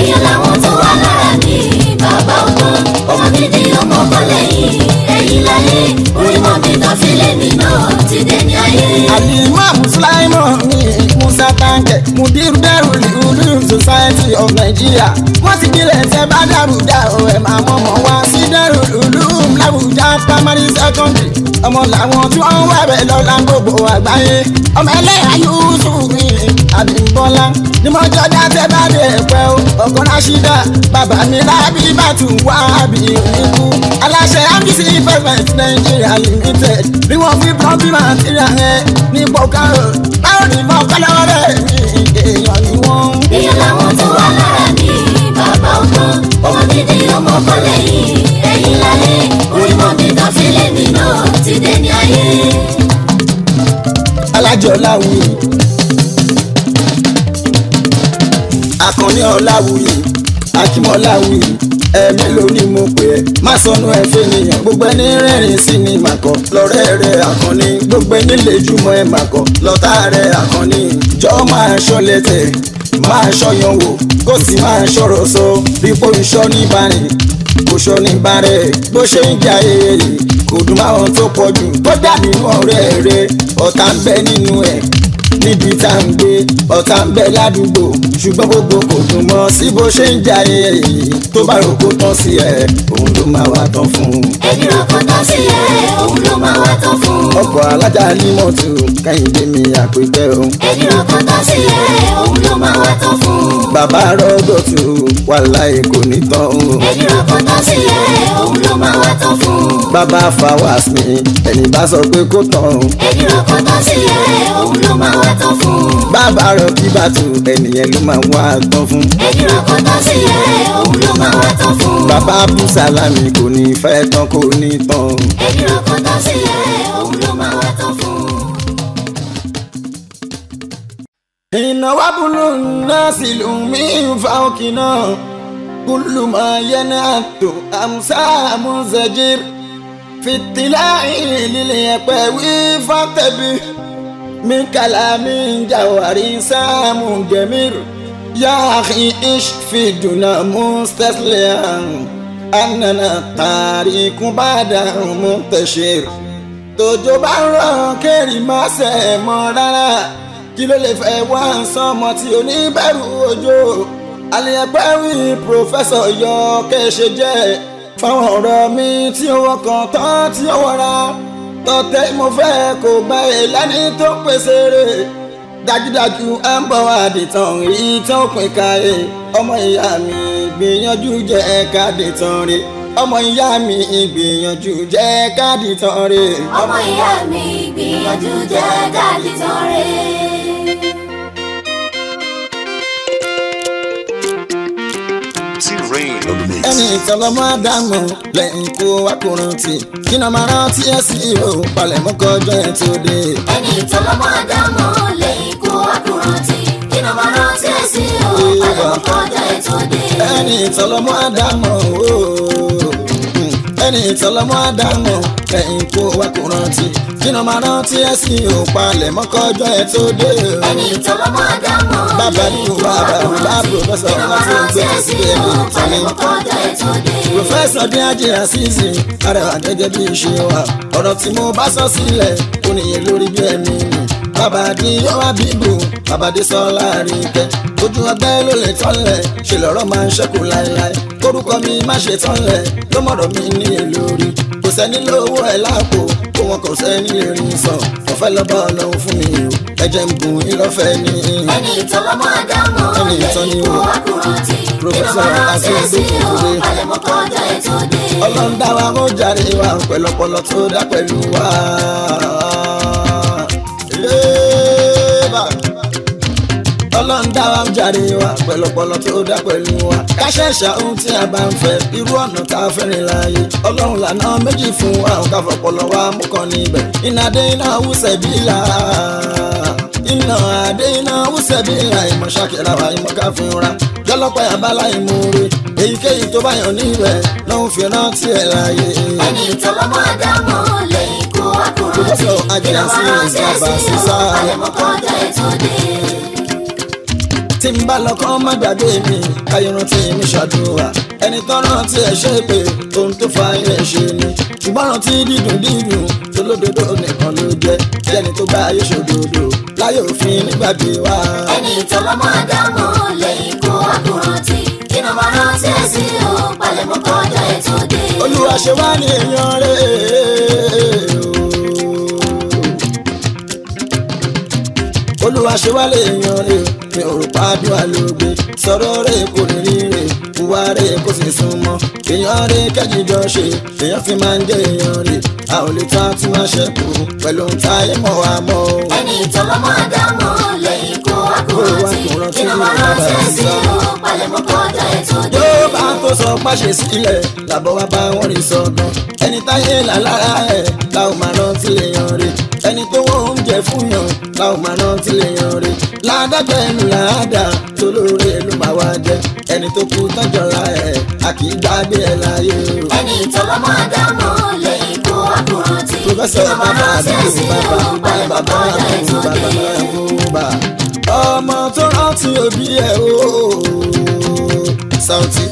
Speaker 1: èèyàn làwọn tó wà lára ní
Speaker 2: bàbá ọgbọ́n ọmọ
Speaker 1: gidi ọmọ ọgbọ́n lẹ́yìn mi àtìlẹ́ mi náà ti dé ní ayé. alimam sulaimon ni musa tanke mudiru darul ulum society of nigeria wọ́n ti gbilẹ̀ ẹ̀sẹ̀ bá dàrú dà ó ẹ̀ máa mọ̀ mọ́ wá sí darul ulum làwùjá primary secondary ọmọ làwọn tí wọ́n wà bẹ̀ lọ́la gbogbo àgbáyé ọmọ ẹlẹ́yà yusuf ni àbíbọ́lá ni mo jọ dá tẹ́ bá dé ẹ̀pẹ́ o ọ̀kan rásídà bàbá mi lábí bàtú wá àbí òní aláṣẹ abc investment nigeria limited bí wọ́n fi pọ́ńpì máa ti rà yẹn ní bọ́ọ̀ká o báwo ni mo kọ́ lọ́wọ́ rẹ̀ ní èèyàn ni wọ́n. èèyàn làwọn tó wà lára mi
Speaker 2: bàbá ọkàn ọmọ dídí ọmọ ọkọ lẹ́yìn
Speaker 1: ẹ̀yìn láyé orí mọ́ mi tán fi lé mi náà ti dé ní ayé. alájọ láwùú akànní ọ̀làwùú akímọ̀láwùú ẹ̀mí ló ní mo pè ẹ́ má sọnù ẹ̀ fẹ́niyàn gbogbo ẹni rẹ́rìn sí ni màkọ lọ́rẹ́ rẹ̀ àkànní gbogbo ẹni lè jùmọ̀ ẹ̀ màkọ lọ́tà rẹ̀ àkànní jọ máa ṣọlẹ̀ tẹ̀ máa ṣọyàn wò kó sì máa ṣọ̀rọ̀ sọ bí kò ń ṣọ́ ní báyìí kò ṣọ́ ní bárẹ̀ bó ṣe ń jẹ ayẹyẹ yìí kò dùn máwọn tó pọ̀ jù kó dà nínú ọ̀rẹ́ rẹ̀ níbi tá à ń gbé ọ̀tá ń bẹ ládùúgbò ṣùgbọ́n gbogbo kò dùn mọ́ sí bó ṣe ń jà ẹ èyí tó bá roko tán sí ẹ òun ló máa wá tán fún un. ẹni roko tán sí ẹ òun ló máa wá tán fún un. ọkọ̀ alájà ní mọ́tò kẹ́hìndé mi àpèjẹ́ o. ẹni roko tán sí ẹ òun ló máa wá tán fún un. bàbá rọgbọ tù wàláhì kò ní tán o. ẹni
Speaker 2: roko tán sí ẹ òun ló máa wá tán fún
Speaker 1: un. bàbá fàwásì mi ẹni bá sọ pé kó tán o.
Speaker 2: ẹni roko tán sí ẹ òun ló máa wá wá tán
Speaker 1: fún. bàbá rọ kí bàtò ẹnìyẹn ló máa wá tán fún. ẹni
Speaker 2: ọkọ tán sí ẹ òun ló máa wá tán
Speaker 1: fún. bàbá bú sàlámì kò ní fẹ́ tán kò ní tán. ẹni ọkọ sí ẹ òun ló máa wá tán fún. ìnáwó búlù náà sì lù mí òkè náà kúlù máa yẹn náà tó àmúṣá àmúṣẹ́jìrì fìtìlá ìlílẹ̀ ẹ̀pẹ̀ wí fọ́tẹ̀bí. من كلام جوهري سام جميل يا أخي إيش في دون مستسلم أننا الطريق بعده منتشر tójó bá ń ràn kẹ́rì má ṣe é mọ́ rárá kí ló lè fẹ́ wá ń san ọmọ tí oníbẹ̀rù òjò àlẹ́pẹ́rì pòfẹ́sọ̀ yọ kẹ́ ṣe jẹ́ fáwọn ọ̀rọ̀ mi tí ó wọkàn tán tí ó wọra tọ̀tẹ̀ mo fẹ́ kó gbá ẹ e lẹ́ni tó pèsè rẹ̀ dájúdájú à ń bọ̀ àdìtàn rí tán pín káyé e. ọmọ ìyá mi gbìyànjú jẹ́ ká dìtàn rẹ̀ ọmọ ìyá mi gbìyànjú jẹ́ ká dìtàn rẹ̀. ọmọ ìyá mi
Speaker 2: gbìyànjú jẹ́ ká dìtàn rẹ̀. mighty rain on the mix. ẹni
Speaker 1: ìtọ́lọ́mọ àdàmú lẹ̀ ń kó akùnrántì kí náà máa rántí ẹ̀ sí ìhò palẹ̀mọ́ kọjọ́ ẹ̀ tó dé. ẹni ìtọ́lọ́mọ àdàmú lẹ̀ ń kó akùnrántì kí náà máa rántí ẹ̀ sí ìhò palẹ̀mọ́ kọjọ́ ẹ̀ tó dé. ẹni ìtọ́lọ́mọ àdàmú ooo ẹni ìtọ́lọ́mọ́ àdámọ̀ ẹ̀yìn kó wa kò rántí kínú máa rántí ẹ̀ sí òpalẹ̀ mọ́kọ́jọ́ ẹ̀ tó dé o. ẹni ìtọ́lọ́mọ́ àdámọ̀ bàbá ní ìwà àbàrò láàbò fẹsọ̀ wọn ti ń gbé síbi ẹ̀mí ìtọ́lẹ̀. pòfẹ́sọ̀ dín ajé àṣìṣe arẹwà gẹ́gẹ́ bí iṣẹ́ wa ọ̀rọ̀ tí mo bá sọ sílẹ̀ kò níye lórí bí ẹ̀mí mi bàbá di ọwá bíbù bàbá di sọlá àríkẹ́ ojú ọgbẹ́ ló lè tọ́lẹ̀ ṣe lọ́rọ̀ máa ń ṣẹ́kù láéláé kórúkọ mi má ṣe tọ́lẹ̀ ló mọ̀rọ̀ mi ní èlò rí kò sẹ́ni lówó ẹ̀ láàpò kó wọn kò sẹ́ni lè rìn sàn ọ̀fẹ́ lọ́bọ̀ ọlọ́run fún mi o ẹ̀jẹ̀ ń bùn ìlọ́fẹ́ ni. ẹni ìtàn lọ́mọ àdámọ̀ ẹni ìtàn ni wọ́n professor aseodu kúkúrẹ́ ọlọ́run dá wa ó jàre wa pẹ̀lú ọpọlọ tó dá pẹ̀lú wa bàbá. ọlọ́run dá wa ń jàre wa pẹ̀lọpọlọ tó dá pẹ̀lú wa. ká ṣẹ̀ṣà ohun tí a bá ń fẹ́ irú ọ̀nà tá a fẹ́rìn láàyè. ọlọ́run lànà méjì fún àwọn káfọ̀pọ̀lọ wa mú kan níbẹ̀. ìnàdé iná wúṣẹ̀ bí la iná àdé iná wúṣẹ̀ bí la ìmọ̀ ṣàkẹ́ra wa ìmọ̀ káfíńra jọlọpẹ́ abala ìmúre èyíkéyìí tó bá yàn ní lọ́hùn fi rántí láàyè. ẹni tó lọ́mọ àdámọ́ lẹ́yìn so agency is baba sisa. tí n bá lọ́kọ́ má gbàgbé mi káyọ̀rán tí mi ṣàdúrà ẹni tó rántí ẹ̀ ṣe pé ohun tó fa ilé ṣe ni ṣùgbọ́n rántí dídùn dídùn tó lódodo nìkan ló jẹ́ tí ẹni tó bá ayé ṣòdodo láyé òfin nígbàgbé wa. ẹni tó lọ́ máa dámọ̀ lẹ́yìn kó àkùrántì kí ni ọmọ rántí ẹ̀ sí palẹ̀mọ́ kọjá ètò dé. olúwa ṣe ní èèyàn rẹ̀ o. olúwa ṣe wá lè yan rè mi ò rò pàdúrà ló sọ̀rọ̀ rè kò lè rí rè ìwà rè kò sì sún mọ́ èèyàn rè kẹ́jìjọ ṣe èèyàn fi máa ń jẹ́ èèyàn rè a ò lè tán tí wọ́n ṣẹ́kù pẹ̀lú ohun tá ayé mọ̀ wá mọ́ ẹni ìtọ́lọ́ máa dá mọ́ lẹ́yìn kó akúrántì kí ló máa rántí
Speaker 2: sí o palẹ̀mọ́ kọjá ètò
Speaker 1: dé. yóò bá tó sọ páṣẹ sílẹ̀ làbọ̀ wá bá wọn rìn sọ̀tàn ẹni táyé làlára ẹ̀ la ò máa rántí èèyàn rè ẹni tó wọ́n oúnjẹ fún yàn láwọn máa rántí lè yan re ládàjọ ẹnu làádà tó lóore ló máa wá jẹ ẹni tó kú tọ́jọ́ra ẹ̀ a kì í gbàgbé ẹ̀ láyé o. ẹni tó bá máa dá mọ́ lè kó àkùrọ̀tì tó máa rántí ẹ̀sìn bàbá bàbá àtúntò bàbá bàbá ọmọ tó rántí òbí ẹ̀ o Saoty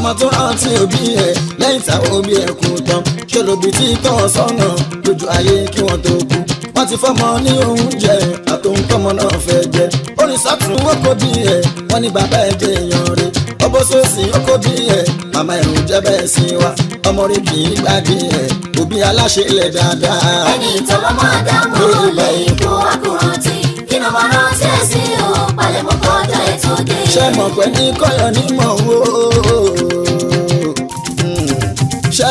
Speaker 1: ọmọ tó rántí òbí ẹ̀ lẹ́yìn táwọn òbí ẹ̀ kú tán ṣòlòbí tí tọ́ sọ́nà lójú ayé kí wọ́n tó kú wọ́n ti fọ́mọ ní oúnjẹ àtòǹkọ́mọ náà fẹ́ jẹ orin sátún wọn bí ẹ̀ wọ́n ní bàbá ẹ̀ jẹ́ èèyàn rẹ̀ ọbọ̀ sósì ọkọ̀ bí ẹ̀ màmá ẹ̀ ń jẹ́ bẹ́ẹ̀ sí wa ọmọ rẹ̀ kì í gbàgbé ẹ̀ òbí aláṣẹ ilẹ̀ dáadáa. ẹni ìtọ́lọ́mọ ni ọmọ náà ti ẹ̀ sí o palẹ̀mọ́ kọjá ètò dé. ṣé mọ̀ pẹ́ ní kọ́yọ̀ ní mọ̀ wó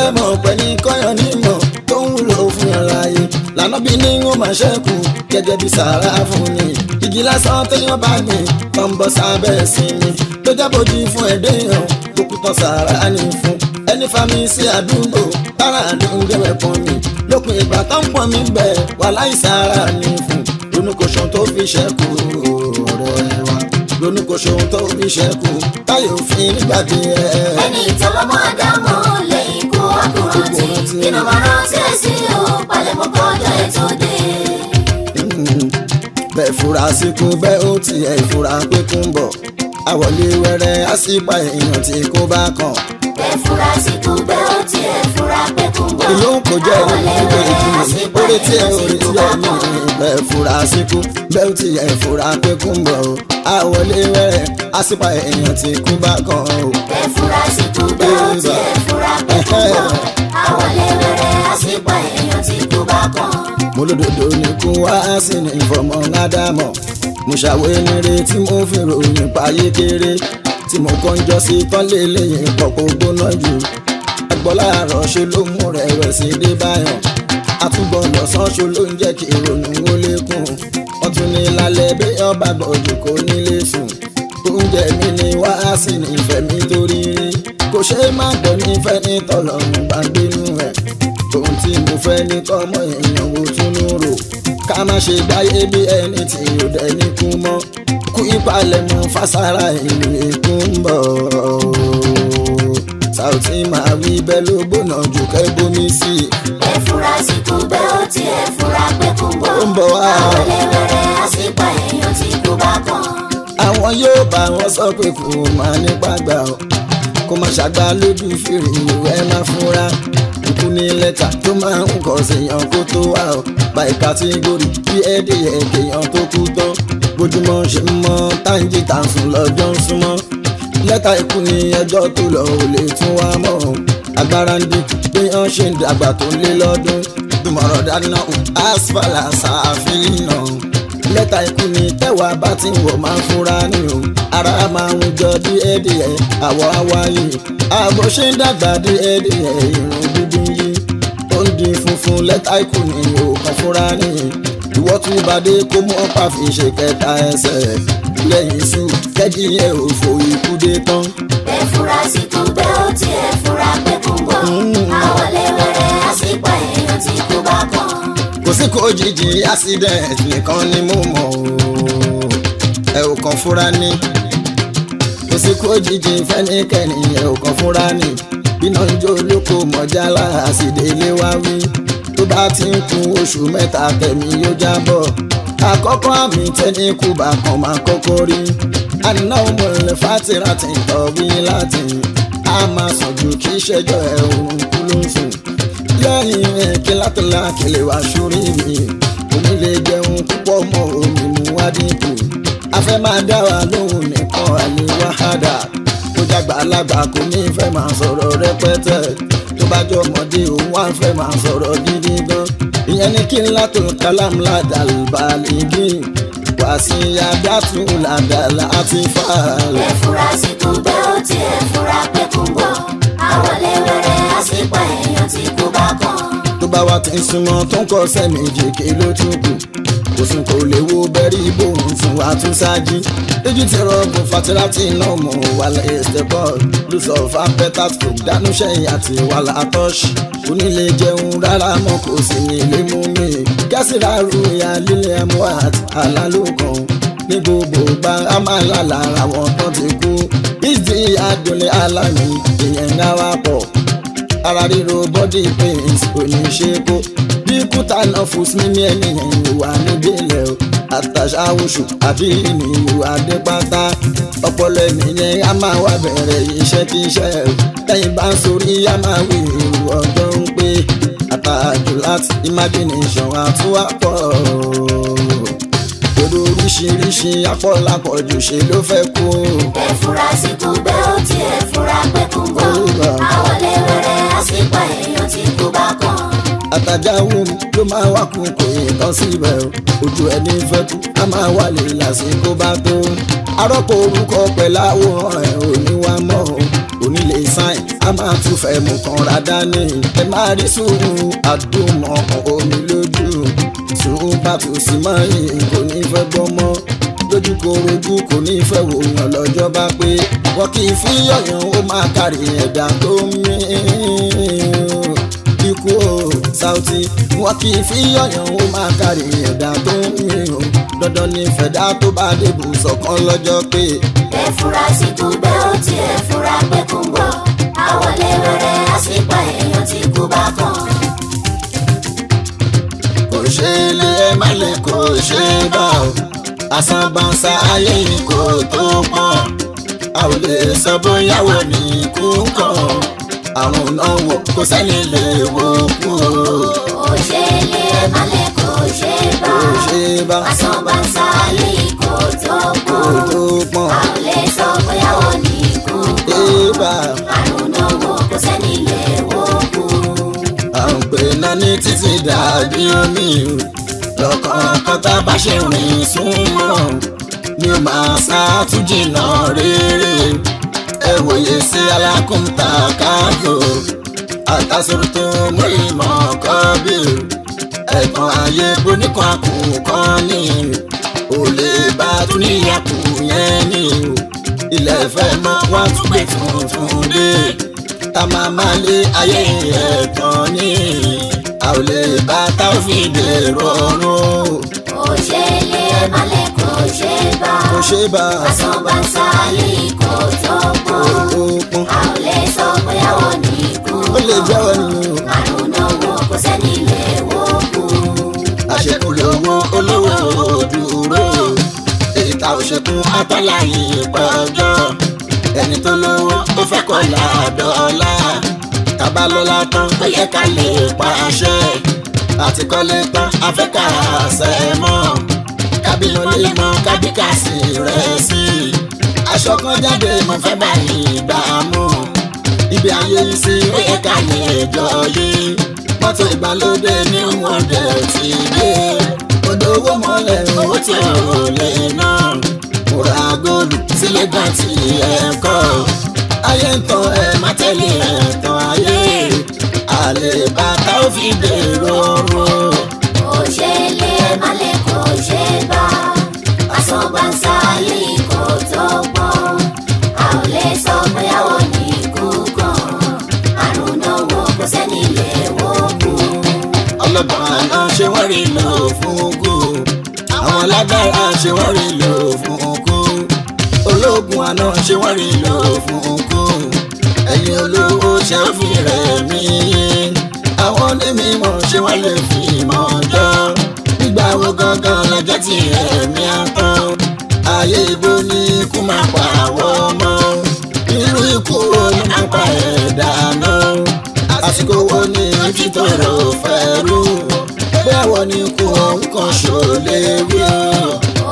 Speaker 1: fẹ́ mọ̀ pẹ̀lú kọ́yọ̀ nímọ̀ tó ń wúlò fún aráyé lànà bí ní ń máa ṣẹ́kù gẹ́gẹ́ bí sàárà fún ni igi lásán tẹ́lẹ̀ wọ́n bá gbìn tó ń bọ́ sábẹ́ sinmi tó jábòjì fún ẹ̀dẹ́ yàn òkútàn sàárà ní fún ẹni fami sí àdúgbò tára àdúgbò rẹ̀ pọ̀ mi lókun ìgbà tó ń pọ̀ mi bẹ̀ wà láì sàárà ní fún ronúkọ̀ṣọ́ tó fi ṣẹ́kù ọ̀rẹ́ wa ronúkọ̀ṣọ́ tó fi ṣẹ́kù táyọ̀ òfin nígbàdí ẹ̀. ẹni ìtọ́lọ́mọ àdámọ́ rántí. ìnà máa rántí èsì o palẹ̀mọ́
Speaker 2: kọjọ ètò dé.
Speaker 1: Hmm. bẹ́ẹ̀ fura síkú bẹ́ẹ̀ ó tiẹ̀ ìfura pé kún bọ̀ àwọ̀lé wẹrẹ á sì pa èèyàn tí kò bá kàn.
Speaker 2: bẹ́ẹ̀ fura síkú bẹ́ẹ̀ ó tiẹ̀ ìfura
Speaker 1: pé kún bọ̀ ìlú kò jẹ́ ìlú tó lè jù mí orí tí ẹ orí tí ẹ mú mi fura síkú bẹ́ẹ̀ ó tiẹ̀ ìfura pé bọ̀ àwọ̀lé wẹrẹ á sì pa èèyàn tí kò bá kàn fura síkú bẹ́ẹ̀ ó tiẹ̀ ìfura
Speaker 2: pé bọ̀ àwọlé wẹrẹ àsìpọ̀ èèyàn tí kú bá kàn.
Speaker 1: mo lódodo ní kó wá sí ní ìfọ̀mọ́ ládàmọ̀ mo ṣàwé nire tí mo fi ròyìn páyé kéré tí mo kàn jọ sí tọ́lé lẹ́yìn pọ̀pọ̀ gbóná jù ẹgbọ́n láàárọ̀ ṣe ló mú rẹ̀ rẹ̀ sí dé báyọ̀ àtúbọ̀ lọ́sàn ṣo ló ń jẹ́ kí ìrònú ó lékún wọ́n tún ní lálẹ́ bí ọba gbọ̀jù kò nílé sùn oúnjẹ mi ni wá sí ní ìfẹ́ mi torí rí kò ṣe má dọ̀ ní fẹ́ni tọ́lọ́run bá bínú ẹ̀ tòun tí mo fẹ́ ní kọ́mọ èèyàn ò túnú rò ká má ṣe dáyé bí ẹni tí ò dẹ́ni kú mọ́ kú ìpalẹ̀ mọ́ fására ìlú èkó ń bọ̀ Saoty máa wí bẹ́ẹ̀ ló gbóná jù kẹ́ sí i. ẹ fura sí kú bẹ́ẹ̀ ó ti ẹ fura pé kú ń ó ń bọ̀ wá. àwọn ilé á sì pa èèyàn tí kú bá kàn. àwọn yóò bá wọn sọ pé kò máa nípa gbà ó kó má ṣàgbá lójú fèrè ìwé má fúnra ikú ní lẹ́tà tó máa ń kọ̀ síyàn kó tó wà ó báyìí kátígórì bí ẹ̀ẹ́dẹ̀yẹ kéèyàn tó kú tán bójúmọ́ ṣe mọ́ táǹjì tàǹsùn lọ́jọ́ ń súnmọ́ lẹ́tà ikú ní ẹjọ́ tó lọ ò lè tún wá mọ́ ọ́n agbára ń dín bí wọ́n ṣe ń dàgbà tó lé lọ́dún dùmọ̀rọ̀ dáná asfàlà sàáfin náà lẹ́tà ikú ni tẹ́wàá bá ti wọ̀ máa ń fúnra ní o ara máa ń jọ díẹ̀díẹ̀ àwọ̀ awáyé àbò ṣe ń dàgbà díẹ̀díẹ̀ irun dúdú yìí ó ń di funfun lẹ́tà ikú ni o kàn fúnra ní ìwọ́ tún bàdé kó mọ́ pàfi ṣe kẹta ẹsẹ̀ lẹ́yìn iṣu kẹ́jì ẹ̀ ò fò ikú dé tán. ẹ fura sí tó gbé ó tiẹ̀ fura pé kò ń bọ̀ mm. àwọn lè wẹ̀rẹ̀ àṣìpá èèyàn tí kò bá kàn kò sí kò jìjì accident nìkan ni mo mọ̀ o ẹ ò kàn fúnra ní kò sí kò jìjì fẹ́nikẹ́ni ẹ ò kàn fúnra ní bíná ijó olóko mọ̀jálá àsìdélé wá wí tó bá ti ń kun oṣù mẹ́ta tẹ̀mí yóò jábọ̀ àkọ́kọ́ àmì tẹ́ni kú bá kan máa kọ́kọ́ rí àná ọmọ ilẹ̀ fátìrà ti ń tọ́ wí láti a máa kí ìṣẹ́jọ́ ẹ̀ òun kú ló ń sùn lẹ́yìn rẹ̀ kí látọ̀lá kẹlẹ̀ wá sórí mi omi lè jẹun púpọ̀ mọ́ omi mú wá dínkù afẹ́ máa dá wa lóhùn nìkan àlè wàhádà tó jágbà alágbà kò ní fẹ́ máa sọ̀rọ̀ rẹpẹtẹ tó bá jọ ọmọdé òun wá fẹ́ máa sọ̀rọ̀ gidi gan ìyẹn ní kí látọ̀lá kálámùlá dàlùbàlì gíì wàásí adátú làdàlà àti fàálù. ẹ fura sí tó gbé ó ti ẹ fura pé bọ̀ àwọn
Speaker 2: lè wẹrẹ àṣìpa ẹ̀ tásìkò bá kàn.
Speaker 1: tó bá wa ti ń súnmọ́ tó ń kọ́ sẹ́mìjì kí ló tún kù òsùn kò léwu bẹ́rí bòun fún wa tún ṣáájú lójú ti rọgùn fatilati náà mọ̀ wàlẹ̀ estebol lùsọ̀ fanpetas kò dánú sẹ́yìn àti wàlà àtọ́ṣì onílé jẹun rárá mọ́ kò sí ní ilé mú mi gásìrà ru ìyá lílé ẹmu alálùkàn ní gbogbo gba amálàlà àwọn kan ti kú bíi ti àdùnlé alámi ìyẹn náà wà pọ̀ ara ríro body pains oníṣẹ́kó bí kúta náà fòsí ní ẹnìyàn ìwà níbí ilẹ̀ o àtàṣà oṣù àti ìnìyàn adépátá ọpọlọ ènìyàn a máa wá bẹ̀rẹ̀ iṣẹ́ tí iṣẹ́ o lẹ́yìn bá ń sórí a máa wí ìrù ọjọ́ ń pé àtàjù láti imagination àtúwà pọ̀ òdo oríṣiríṣi apọ́lápọ̀jù ṣe ló fẹ́ kú. ẹ fura sí kúgbẹ́ ó tiẹ̀ fura pé kúngbọ́n àwọn lè wẹ̀rẹ̀ sípò èèyàn tí kú bá kàn. àtàjà wù mí ló máa wá kú kò yẹ tán síbẹ̀ o ojú ẹni fẹ́ kú a máa wà lè lásìkò bá tó. arọ́pò orúkọ pẹ̀lú àwòrán ẹ̀ ò ní wá mọ́ o onílé sáìn a máa tún fẹ́ mú kanra dání ẹ máa rí sùúrù àdúmọ̀ omi lójú sùúrù bá tù sí mọ́ yìí kò ní fẹ́ gbọ́ mọ́ ìkorogún kò ní fẹ́ wò wọ́n lọ́jọ́ bá pé wọ́n kì í fi yọ̀yàn ó máa kárí ẹ̀dá tó ń mìíràn ikú o Saoty wọ́n kì í fi yọ̀yàn ó máa kárí ẹ̀dá tó ń mìíràn dandan ní fẹ̀dá tó bá débù sọ̀kan lọ́jọ́ pé. ẹ fura sí kú pé ó ti ẹ fura pé kú ń bọ̀ àwọlé rere àsìkò
Speaker 2: èèyàn tí kú bá kàn.
Speaker 1: kò ṣe é lé ẹ má lè kò ṣe é bá o àsanbánsá ayé ikò tó pọ̀ a ò lè sọ bóyá wò ní ikú kọ̀ àrùn náà wò kó sẹ́ni lè wò kú o. kò ṣe lè balẹ̀ kò ṣe bá kò ṣe bá àsanbánsá ayé ikò tó pọ̀ a ò lè sọ bóyá wò ní ikú kọ̀ àrùn náà wò sẹ́ni lè wò kú. à ń pè náà ní títí dàbí omi kọ̀ọ̀kan tá a bá ṣe rìn súnmọ́ ni màá ṣàtúnjì náà rere ẹ wòye sí alákùntà káàkó àtàsọ̀rọ̀ tó mú ìmọ̀ kọ́ bí ẹ̀kan ayé gbóníkan àkùnkọ́ ni ò lè bá tún níyàkù yẹn ni ilẹ̀ fẹ́ mọ́ wá tún tuntun dé tá máa máa lé ayé ẹ̀tàn ni a ò lè bá Taofeek dèrò ọ̀run. kò ṣe lè malẹ̀ kò ṣe bá. kò ṣe bá. àsọ̀bàṣà
Speaker 2: lè kó tó pọ̀. a ò lè sọ pé àwọn nìkú. ó
Speaker 1: lè jẹ́ wọn ni àrùn náà wọ kò sẹ́ni lè wó kú. àṣekù lówó olówó òdúró. èyí ò ṣekùn atọ́láyìn pọ̀jọ́. ẹni tó lówó ó fẹ́ kọ́ làdọ́lá bá lọ́lá tán ó yẹ ká lè pa àṣẹ àti kọ́lé tán afẹ́ká àṣẹ mọ́ kábílẹ̀ olóyè mọ́ kábíkà sí rẹ̀ sí aṣọ kan jáde mo fẹ́ báyìí gbà mú ibi ayé yìí sí ó yẹ ká lè jọ yìí mọ́tò ìgbàlódé ní wọ́n dẹ̀ ti dé odò owó mọ́lẹ̀ owó tí ò lè ná múra góòlù sílẹ̀ gbà tí ẹ̀ kọ́ ayé ń tọ́ ẹ má tẹ̀lé ẹ̀ tọ́ fi dèrò ọ̀run. òṣèlè
Speaker 2: malẹ̀ kò ṣe bá àsọ̀bàǹsà yìí kò tó gbọ́n a ò lè sọ pé àwọn ní ikú kan àrùn náà
Speaker 1: wò kò sẹ́ni lè wò kú. ọlọ́gbọ́n náà ṣe wọ́n rí lò fún kú àwọn alágbára ṣe wọ́n rí lò fún kú ológun àná ṣe wọ́n rí lò fún kú ẹ̀yin olówó ṣe ń fi rẹ̀ mí àwọn ní mímọ̀ ṣé wọ́n lè fi ìmọ̀ jọ nígbà wo gangan lọ́jọ́ tí ẹ̀mí àtàn ayé ibo ni ikú máa pa àwọn ọmọ irú ikú wo ni máa pa ẹ̀dá náà
Speaker 2: àsìkò wo ni àti tọrọ fẹ́ rú bẹ́ẹ̀ wọ ni ikú ọ̀hún kan
Speaker 1: ṣò lè rí ọ.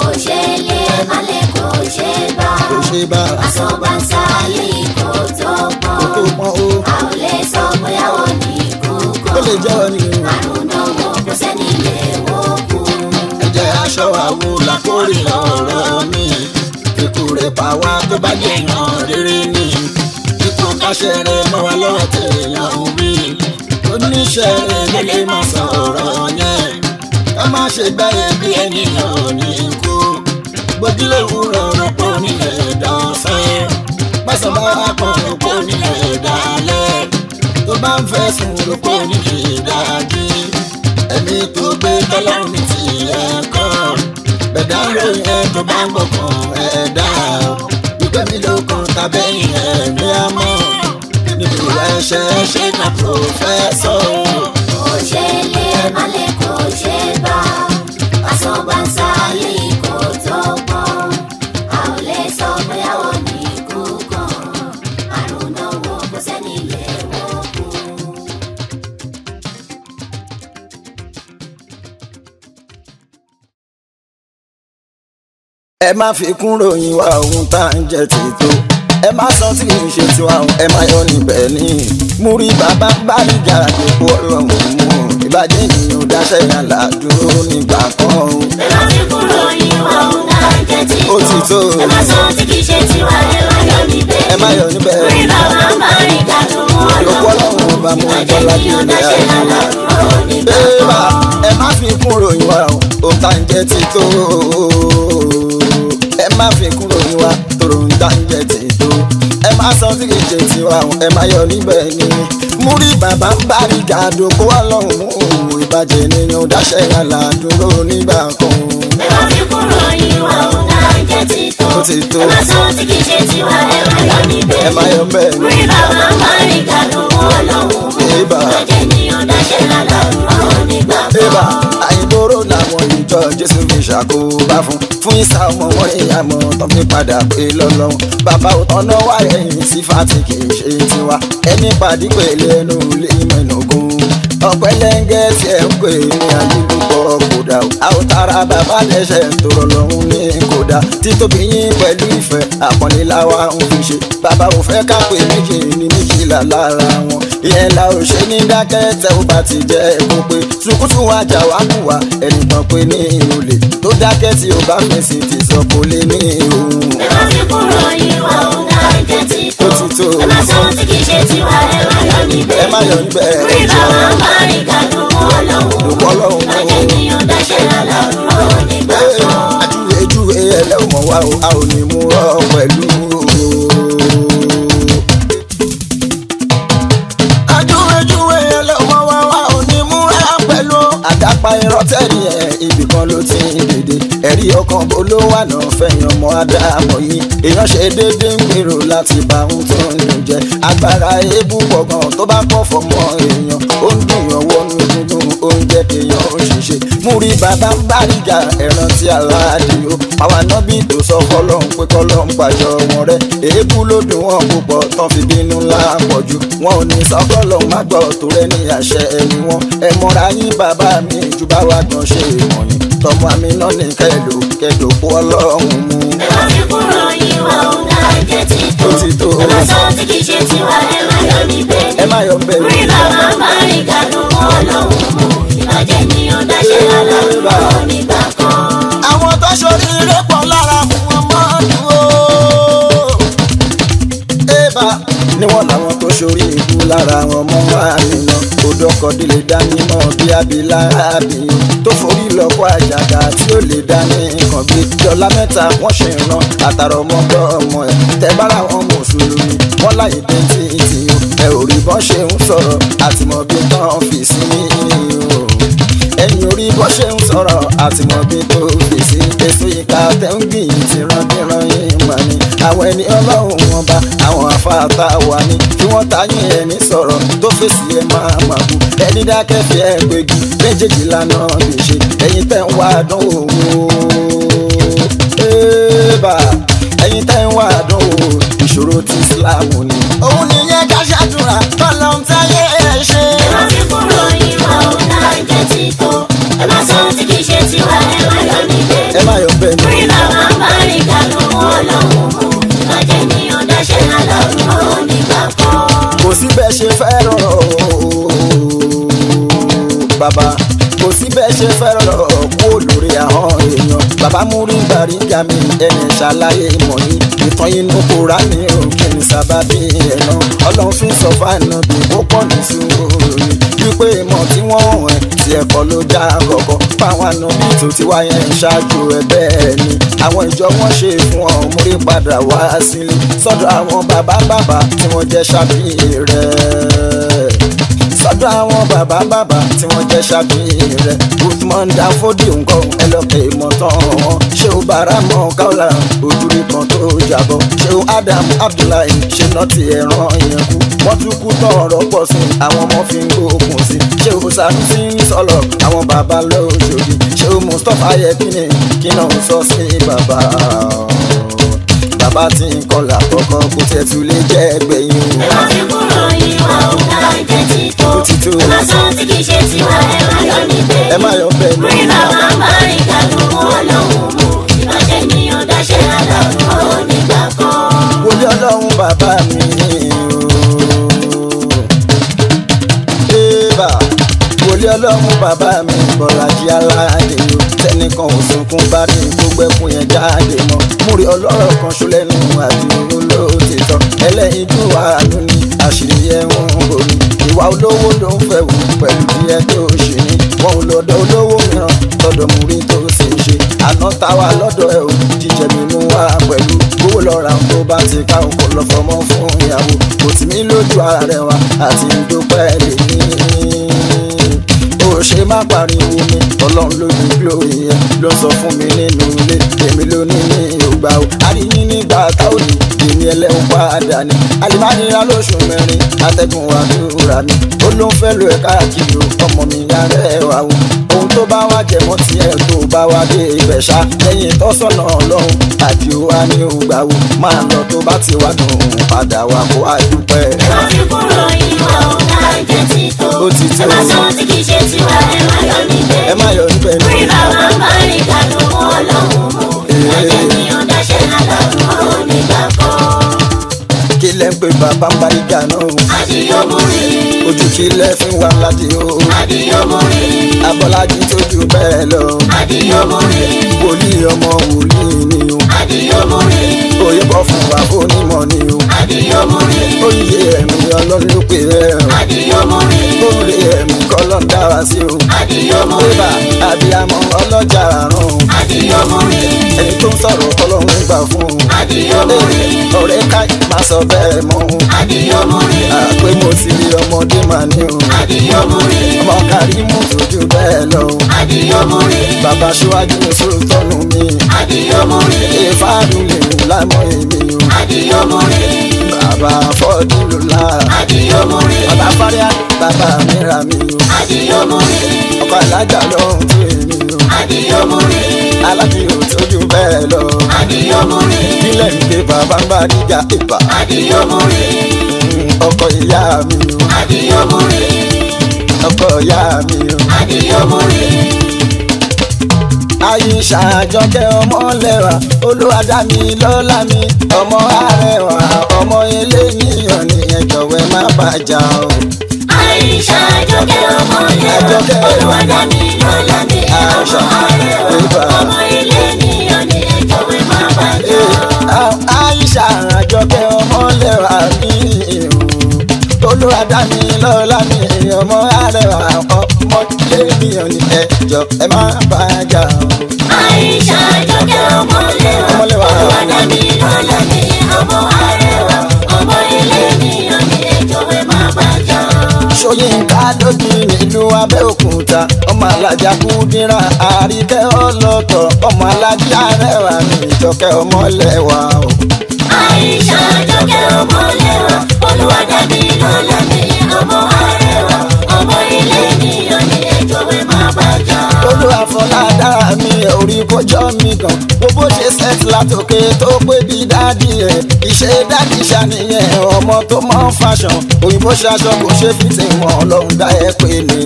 Speaker 1: òṣèlè balẹ̀ kò ṣe bá kò ṣe bá àsọ̀gbàǹsà yìí kò tó pọ̀ kò tó pọ̀ o a ò lè sọ bóyá ó ní lè jẹ́ ọ ni o. àmúnáwó kò sẹ́ni lè wó kù. ẹ̀jẹ̀ aṣọ àwo làkórè ọ̀rọ̀ mi ikú rẹ̀ pa wá tó bá jẹ́ ìran rere ni ikú káṣẹ́rẹ́ mọ́ wa lọ́wọ́ tèèyàn mi oníṣẹ́ rẹ̀ lẹ́lẹ́ máa sọ̀rọ̀ yẹn ká má ṣe gbá ẹbí ènìyàn ní ikú gbójúlé wúrọ̀ rọ̀pọ̀ nílẹ̀ dánfẹ́ pásánbá pọ̀ rọ̀pọ̀ nílẹ̀ bá ń fẹ̀sùn rògbò níbi ìdájí ẹni tó gbé tọ́lọ́run ti ẹ̀kọ́ bẹ̀dá ròyìn ẹ̀ tó bá ń gbọ̀kàn ẹ̀dá wípé mi ló kàn tàbẹ́yìn ẹ̀mí àmọ́ níbi ìwà ẹ̀ṣẹ̀ ṣe na pòfẹ́sọ̀. kò ṣe lè má lè kò ṣe bá
Speaker 2: a sọ bá ń
Speaker 1: ẹ má fi kún ròyìn wa ohun tá à ń jẹ tètò ẹ má sọ tí kì í ṣe tiwa ẹ má yọ níbẹ̀ ní. mú rí bàbá bá ní jàrá gbogbo ọlọ́run mú ìbàjẹ́ ènìyàn dáṣẹ́ yàn ládùúró nígbà kan. ẹ má fi kún ròyìn wa ohun tá à ń jẹ tètò ó ti tó. ẹ má sọ tí kì í ṣe tiwa ẹ má yọ níbẹ̀ ẹ má yọ níbẹ̀ mú rí bàbá bá ní jàrá gbogbo ọlọ́run bá mú ìbàjẹ́ ènìyàn dáṣẹ́ yàn ládùúró nígbà kan. ẹ má fi kún ròyìn wa ohun tá à ń jẹ tètò má fi kúrò ní wa tòrò ń dá oúnjẹ tètò ẹ má sọ sí kejì tiwa ẹ má yọ níbẹ̀ ni múrí bàbá ń bá rí gàdó kó wà lọ́hùn òwò ìbàjẹ́ nìyẹn dáṣẹ́ yàrá dúró nígbà kan. ẹ má fi kúrò ní wa ò dá oúnjẹ tètò ẹ má sọ sí kejì tiwa ẹ má yọ níbẹ̀ ni múrí bàbá ń bá rí gàdó kó wà lọ́hùn bébà. Jẹ́jẹ́ ni ọ̀dà ṣe lálá àwọn onígbà. Bébà àìbóró làwọn ìjọ Jésù fi ṣàkóbá fún. Fún ìsà ọmọ wọn ìyàmọ̀ tán fi padà pé lọ́lọ́run. Bàbá òtọ́nà wà lẹ́yìn sífà tí kì í ṣe tiwa. Ẹni pàdé pẹ̀lú ẹnu ilé ìmọ̀ ìnàgún ọ̀pẹ́ lẹ́ńgẹ́ sí ẹ̀ ń pè ní àyílùbọ̀ kódà àwòtara bàbá lẹ́sẹ̀ tòrọ̀ lọ́hún ní kódà títóbi yín pẹ̀lú ìfẹ́ àpọ̀niláwa ń fi ṣe bàbá ò fẹ́ ká pè méjì ní méjìlá lára wọn ìyẹn la ò ṣe ní dákẹ́ tẹ́ ò bá ti jẹ́ ẹ̀kọ́ pé ṣùkúṣù wa jà wá kù wá ẹnì kan pé ní ìrùlé tó dákẹ́ tí ò bá fèsì ti sọ kò lè ní ìhòòhùn. ẹ kúrò yìí wà ó dá oúnjẹ tí tó ẹ má sọ ohun tí kì í ṣe tiwa ẹ má yọ níbẹ̀ rí bàbá ń bá rìn kàdùn mú ọlọ́run má jẹ́ ènìyàn dáṣẹ́ lálàrúrò nígbà kan. ajúwe ejúwe ẹlẹ́wọ̀n wa a ò ní mú ọ pẹ̀lú. pa irọ́ tẹ̀lé ẹ̀ ibì kan ló ti ń dèdè ẹ̀rí ọkàn olówà náà fẹ̀yàn mọ́ àdàmọ́ yìí èèyàn ṣe déédéé ń gbèrò láti bá ohun tó ń lò jẹ agbára eébú pọ̀ gan tó bá pọ̀ fọmọ èèyàn ó ń dùn yàn wọnú dúdú ó ń jẹ́ kéèyàn mi ṣe mú rí bàbá ń ẹran tí aláàdì o àwọn anábì tó sọ fọlọ́n pé kọ́lọ́n pàṣọ wọn rẹ èébú ló dùn wọn púpọ̀ tán fi bínú ńlá pọ̀ jù wọn ò ní sọ́kọ́lọ́ má gbọ́ tó rẹ ní àṣẹ ẹni wọn ẹ mọ́ra yín bàbá mi jù bá wa gan ṣe ìmọ̀yìn tọmọ àmì náà ní kẹlò kẹdò kó ọlọ́run mú. ẹ má fi kúrò yín wá òun náà ti tó ẹ má tí kì í ṣe tiwa ẹ má yọ mí bẹ́ẹ̀ rí bàbá ń Bariga dùn kó ọlọ́run mú ṣe lọ́lọ́run bọ̀ nígbà kan. àwọn tó ṣoríire pọ̀ lára wọn mọ́ dúró. ébà níwọ̀n làwọn tó ṣorí ikú lára wọn mọ́ wá nínú odòkọ̀ délé dání mọ́ bí abilá àbí tó forí lọ́kọ́ àjàgà tí ó lè dání nǹkan gbé jọlá mẹ́ta wọ́n ṣe ràn àtàrọ̀ ọmọgbọ́ ọmọ ẹ̀ tẹ́ bára wọn mùsùlùmí wọ́n láyé dé tí ì tì ẹ ò rí bọ́n ṣe ń sọ̀rọ̀ àtìmọ́bí tán fi sí i ẹ̀yìn orí bó ṣe ń sọ̀rọ̀ àtìmọ́bí tó fèsì èso ìka tẹ́ǹgbìn tìrandíran yìí mọ̀ ni àwọn ẹni ọlọ́run wọn bá àwọn afáàtà wà ní kí wọ́n tayín ẹni sọ̀rọ̀ tó fèsì ẹ̀ máa máa kú ẹni dákẹ́ fi ẹ̀ gbégi méjèèjì lánà lè ṣe ẹ̀yin tẹ́ ń wá àdánwò wò ó ẹ̀yin tẹ́ ń wá àdánwò ìṣòro ti Islam ni. òun nìyẹn ká ṣàdúrà kọ́lọ́ntàyé ẹ̀ ṣe. má sọ tí kì í ṣe tiwa ẹ má yọ mí bẹ́ẹ̀ ni orí bàbá ń bá rìn kàlù wọn lọ́wọ́ mọ́ bàjẹ́ ni ọ̀dáṣẹ́ aláwọ̀ ó nígbà kan. kò sí bẹ́ẹ̀ ṣe fẹ́ rọrọ bàbá kò sí bẹ́ẹ̀ ṣe fẹ́ rọrọ kó ọlọ́run fi sọ fáìnà bí ó pọ̀ nìṣó kan tí wọ́n hàn ẹ́ tí ẹ̀kọ́ ló já kọ̀kọ́ fáwọn ànàbí tó ti wáyé ń ṣáájú ẹ bẹ́ẹ̀ ni àwọn ìjọ wọn ṣe fún ọ múrí padà wá sílé sọ́dọ̀ àwọn bàbá bàbá tí wọ́n jẹ́ ṣàbí rẹ̀ sọ́dọ̀ àwọn bàbá bàbá tí wọ́n jẹ́ ṣàgbéyé rẹ̀ goodman dáfódì nǹkan ẹlọ́kẹ́ ìmọ̀tán wọn ṣé o bára mọ́ káwọ́là ojúre kan tó jábọ̀ ṣé o adam abdullahi ṣe náà ti ẹ̀ràn yẹn kú wọ́n tún kú tán ọ̀rọ̀ pọ̀ sí àwọn ọmọ fi ń gbóògùn sí ṣé o sanusi ń sọ̀rọ̀ àwọn bàbá lọ́jọ́dì ṣé o mustapha yẹ kí ni kí náà sọ sí bàbá bàbá tí ń kọlà kọ̀ọ̀kan kò tẹ̀ tún lè jẹ́ ẹgbẹ̀yìn. ẹ má fi kúrò ìwà òǹkà ìjẹ́ títò lọ́sọ̀ tí kì í ṣe tiwa ẹ má yọ níbẹ̀. ẹ má yọ bẹ́ẹ̀ ni. rí bàbá ń bá ìkàlù wọn lòun mú ìbàjẹ́ ni ọ̀dáṣẹ́ aláwọ̀ onígbà kan. wọlé ọlọ́run bàbá mi ni. wòlíì ọlọ́run bàbá mi Bọ́lájí Aládé o tẹnìkan ò sunkún bá dé gbogbo ẹkùn yẹn jáde mọ́ múri ọlọ́rọ̀ kan ṣúlẹ́nu àti olóòtítọ́ ẹlẹ́yinjú àánú ni àṣírí ẹ̀wọ̀n omi ìwà olówó ló ń fẹ́ wù pẹ̀lú díẹ̀ tó ṣì ní wọn ò lọ́dọ̀ olówó mìíràn lọ́dọ̀ múri tó ṣe ṣe àná táwa lọ́dọ̀ ẹ̀ ò jíjẹ mímú wa pẹ̀lú owó lọ́ra tó bá ti ká òkò lọ fọmọ fún ìyàwó kò tì mí lójú ara rẹwà àti ìdópẹ́ lè ní kò ṣe má pariwo mi ọlọ́run ló ní glory yẹn ló sọ fún mi nínú ilé èmi ló ní ní ìgbà o àríyìn nígbà táwọn ní èmi ẹlẹ́wọ̀n padà ní alimáyíra lóṣù mẹ́rin atẹ́gùn àdúrà mi ó ló ń fẹ́ lo ẹ̀ka àkìlì ọmọ mi yára ẹ̀ wá o ohun tó bá wá jẹmọ́ tiẹ̀ tó bá wá dé ibẹ̀ ṣá lẹ́yìn tọ́sọ̀nà ọlọ́run àti òwa ní ògbà wo máa lọ tó bá ti wá dùn padà wá kó àdúpẹ́. ìrọ̀lẹ́ kúrò ìwà ọ̀la oúnjẹ tí tó ẹ má sọ ohun tí kì í ṣe tiwa ẹ má yọ níbẹ̀ ẹ má yọ níbẹ̀ ní. orí bàbá ń bá rìn kàdùn mú ọlọ́run mú ẹ̀jẹ̀ ni ó dáṣẹ́ aláàbò onígbà kan. kí lẹ́ ń pe bàbá ń parí gànà o. àdìyó mú rí. ojú kí lẹ́ fi wà ládìí o. àdìyó mú rí. abọ́lájí tó ju bẹ́ẹ̀ lọ. àdìyó mú rí. wòlíì ọmọ wòlíì ni o àdìyómúrí. oyinbó fún wa ó ní mọ ni o. àdìyómúrí. oyè ẹ̀mí ọlọ́run ló pè rẹ̀ o. àdìyómúrí. orí ẹ̀mí kọ́lọ́ dára sí o. àdìyómúrí. bébà abiyamọ ọlọ́jà àrùn. àdìyómúrí. ẹni tó ń sọ̀rọ̀ ọlọ́run gbà fún o. àdìyómúrí. ọ̀rẹ́ ká má sọ bẹ́ẹ̀ mọ́ o. àdìyómúrí. àpé mo ti rí ọmọdé mà ní o. àdìyómúrí. ọmọ kárí mú tójú bẹ́ẹ̀ lọ. àdìyómúrí. bàbá aṣọ àjùmọ̀ sóòtọ́nù mi. àdìyómúrí ṣe fáànù lè mú lámọ́ èmi o. àdìyó mú rí. bàbá fọ́ọ̀dù ló la. àdìyó mú rí. bàbá fáríà bàbá mi ra mi o. àdìyó mú rí. ọkọ alájà lọ́hùn tó èmi o. àdìyó mú rí. bẹ́ẹ̀ lọ. àdìyó mú ìgbé bàbá ń bá níjà ìbà. àdìyó mm, ọkọ ìyá mi o. àdìyó ọkọ ìyá mi o. àdìyó àyíṣà àjọkẹ́ ọmọ lẹ́wà olúwadámi lọ́lá mi ọmọ arẹwà ọmọ eléyìíyàn ni ẹ jọ̀wọ́ ẹ má bàjá o. àyíṣà àjọkẹ́ ọmọ lẹ́wà olúwadámi lọ́lá mi ọmọ
Speaker 2: arẹwà
Speaker 1: ọmọ eléyìíyàn ni ẹ jọ̀wọ́ ẹ má bàjá o. àyíṣà àjọkẹ́ ọmọ lẹ́wà mi olúwadámi lọ́lá mi ọmọ arẹwà ọmọ ṣé bí ọ̀nì ẹ̀jọ̀ ẹ má bá a jà o. àìṣà àjọkẹ́ ọmọlẹ́wà ọmọ dàbí lọ́la
Speaker 2: mi ọmọ arẹwà
Speaker 1: ọmọ ilé mi ọ̀nì ẹ̀jọ̀ ẹ má bá a jà o. ṣóyínká lójú nílùú abẹ́òkúta ọmọ alájà kúdírà àríkẹ́ ọlọ́tọ̀ ọmọ alájà rẹwà mi ìjọkẹ́ ọmọlẹ́wà o. Aisha jókè ọmọ lẹ́wà olúwa dàbí lọ́la mi ọmọ arẹwà
Speaker 2: ọmọ ilé nìyọ ni ẹjọ́
Speaker 1: wẹ́ máa bá jà. olúwa fọlá dára mi orí kọjọ́ mi gan gbogbo ṣe set látòkè tó pé bí dáàdì rẹ̀ ìṣe dáàdì ṣàníyàn ọmọ tó mọ fashion òyìnbó ṣaṣọ kò ṣe fi ti wọn ọlọ́run dá ẹ pé ni.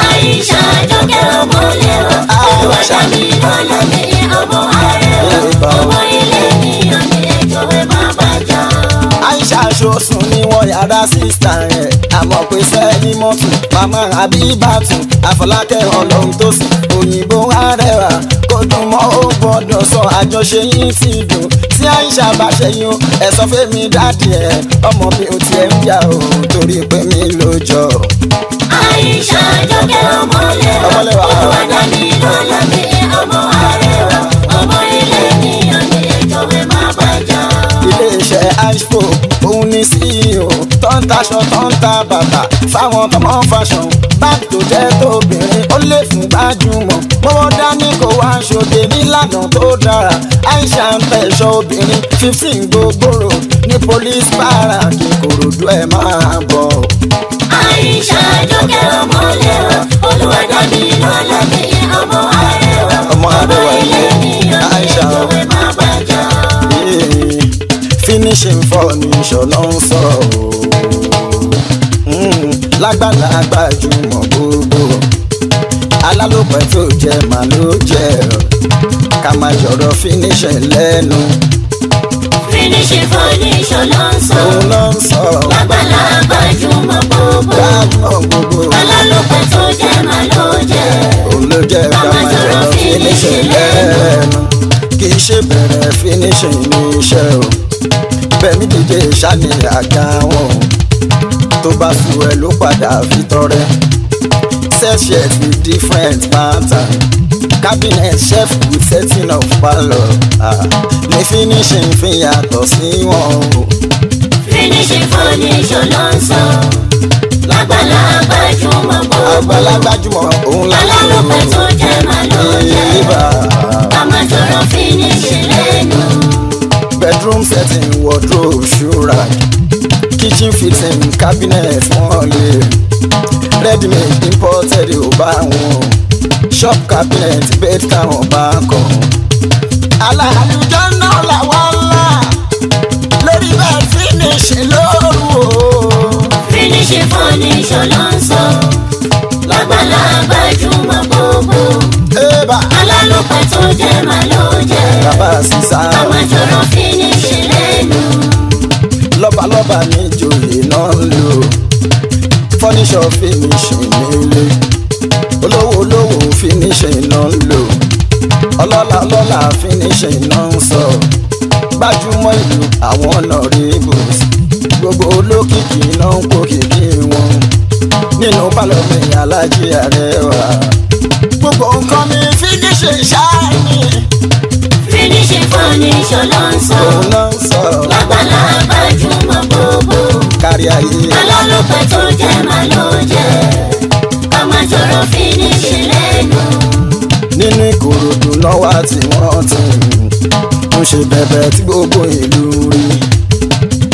Speaker 1: Aisha jókè ọmọ lẹ́wà olúwa
Speaker 2: dàbí lọ́la mi ọmọ arẹwà ọmọ ilé nìyọ òwe má
Speaker 1: bàjá. Aisha ṣoṣùn ni wọ́n yàrá sísá rẹ̀ àmọ́ pé sẹ́ni mọ́tò màmá Abíbátù Àfọlákẹ́ ọlọ́run tó sì òyìnbó arẹwà kò dùn mọ́ ó gbọ́dọ̀ sọ àjọṣe yín ti dùn tí Aisha bá ṣe yún ẹ sọ fẹ́mi dáàdì ẹ̀ ọmọ mi ò tiẹ̀ ń yà ó torí pé mi ló jọ. Aisha jọkẹ́ ọmọlẹ́wà ọmọlẹ́wà ọmọ àdáni lọ́lá mi
Speaker 2: ọmọ arẹwà ọmọ ilé mi
Speaker 1: ìfẹ́ aispo òun ni ceo tó ń taṣọ tó ń ta bàtà fáwọn tọmọ fashion báàgì tó jẹ́ tóbìnrin ó lè fún gbajúmọ̀ mọ́wọ́ dání kó wá ṣòde nílànà tó dára aisha ń tẹ̀sọ́ obìnrin fifteen gbogbooro ní police para Ìkòròdú ẹ̀ máa bọ̀. aisha jókè ọmọ lẹ́wọ̀ olùwàdàbí lọ́lá mi ọmọ àrẹwà ọmọ ilé mi ọ̀sẹ̀ tó wẹ̀ ní ṣe ń fọ́ ní ṣọlọ́ ń sọ o hmm, lágbàlá gbajúmọ̀ gbogbo alálòpẹ́ tó jẹ màá ló jẹ ká máa yọ̀rọ̀ fínísẹ̀ lẹ́nu finishi foundation ló ń sọ. òun ló ń sọ. lágbàlá gbajúmọ̀ gbogbo. gbàgbọ́ gbogbo. alálòpẹ́ tó jẹ́ màá ló jẹ́. òun ló jẹ́ gbàmọ̀jọ̀rọ̀ finishi lẹ́nu. kì í ṣe bẹ̀rẹ̀ finishi ní iṣẹ́ o bẹ̀mí díje ìṣàní àga wọn tó bá su ẹ ló padà fi tọrẹ self-chef different pattern cabinet chef with setting of parlour ah, ní finishing fi yàtọ̀ sí wọn o. finishing furniture ló ń sọ lágbàlá gbajúmọ̀ gbogbo àgbàlá tó jẹ́ màlúù jẹ́ ká má tọrọ finishing lẹ́nu bedroom setting wardrobe shoe rack kitchen fitting cabinet only. lè ready made imported ò bá wọn shop cabinet bed táwọn bá kọ́. aláàlùjọ náà làwọn ńlá lórí bẹ́ẹ̀ finish lóru o.
Speaker 2: finish furniture ló
Speaker 1: la sọ lágbàlá àgbájú mọ́ alálùpẹ̀ tó jẹ́ màá ló jẹ́ bàbá sísá ọmọ ìjọba fínísì lẹ́nu. lọ́balọ́ba ní ìjòyè náà ń lò fọ́níṣọ̀ fínísì nílé olówó olówó fínísì náà ń lò ọlọ́lá ọlọ́lá fínísì náà ń sọ gbajúmọ̀ ìlú àwọn ọ̀nà rìbùs gbogbo olókìkí náà ń kó kìkì wọn nínú pálọ̀mù ìyá alájí àrẹwà gbogbo nǹkan mi fínísì ṣáàní. fínísì fọ́nísọ̀ ló ń sọ lágbàlá gbajúmọ̀ gbogbo kárí ayé alálòpẹ́ tó jẹ́ máa ló jẹ́ ká má jọ̀rọ̀ fínísì lẹ́nu. nínú Ìkòròdú lọ́wọ́ àti wọ́n ti ń ṣe bẹ̀bẹ̀ tí gbogbo ìlú rí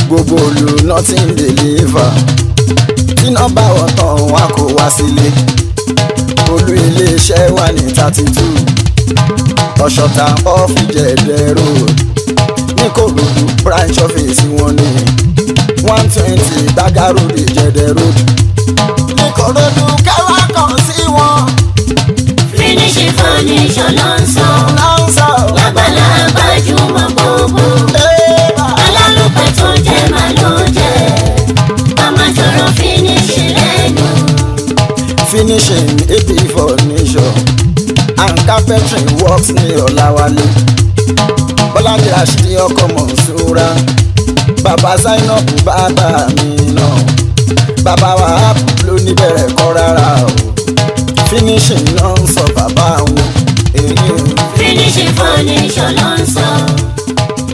Speaker 1: gbogbo olùlọ́tì ń deliver tí nọ́mbà ọ̀tọ̀ wa kò wá sílé olú iléeṣẹ́ wà ní thirty two ọ̀ṣọ́ta ọ́ọ̀fù jẹ̀dẹ̀ road ní kòròdú branch ọ́fíìsì wọn ní one twenty gbàgà road ìjẹ̀dẹ̀ road
Speaker 2: ní kòròdú kẹwàá kan sí wọn. fínísì fọ́nísọ̀ ló ń sọ lágbàlá gbajúmọ̀ gbogbo alálùpẹ̀ tó jẹ́ màá ló
Speaker 1: jẹ́ bá má jọ̀rọ̀ fínísì finishing AP for nation and carpentry works ní olawale. bọ́lájì àṣírí ọkọ̀ mọ̀ṣúra bàbá zainab bàbá mi náà bàbá wahab ló ní bẹ̀rẹ̀ kọ́ rárá o finishing náà ń sọ bàbá wọn
Speaker 2: finishing for nation ló ń sọ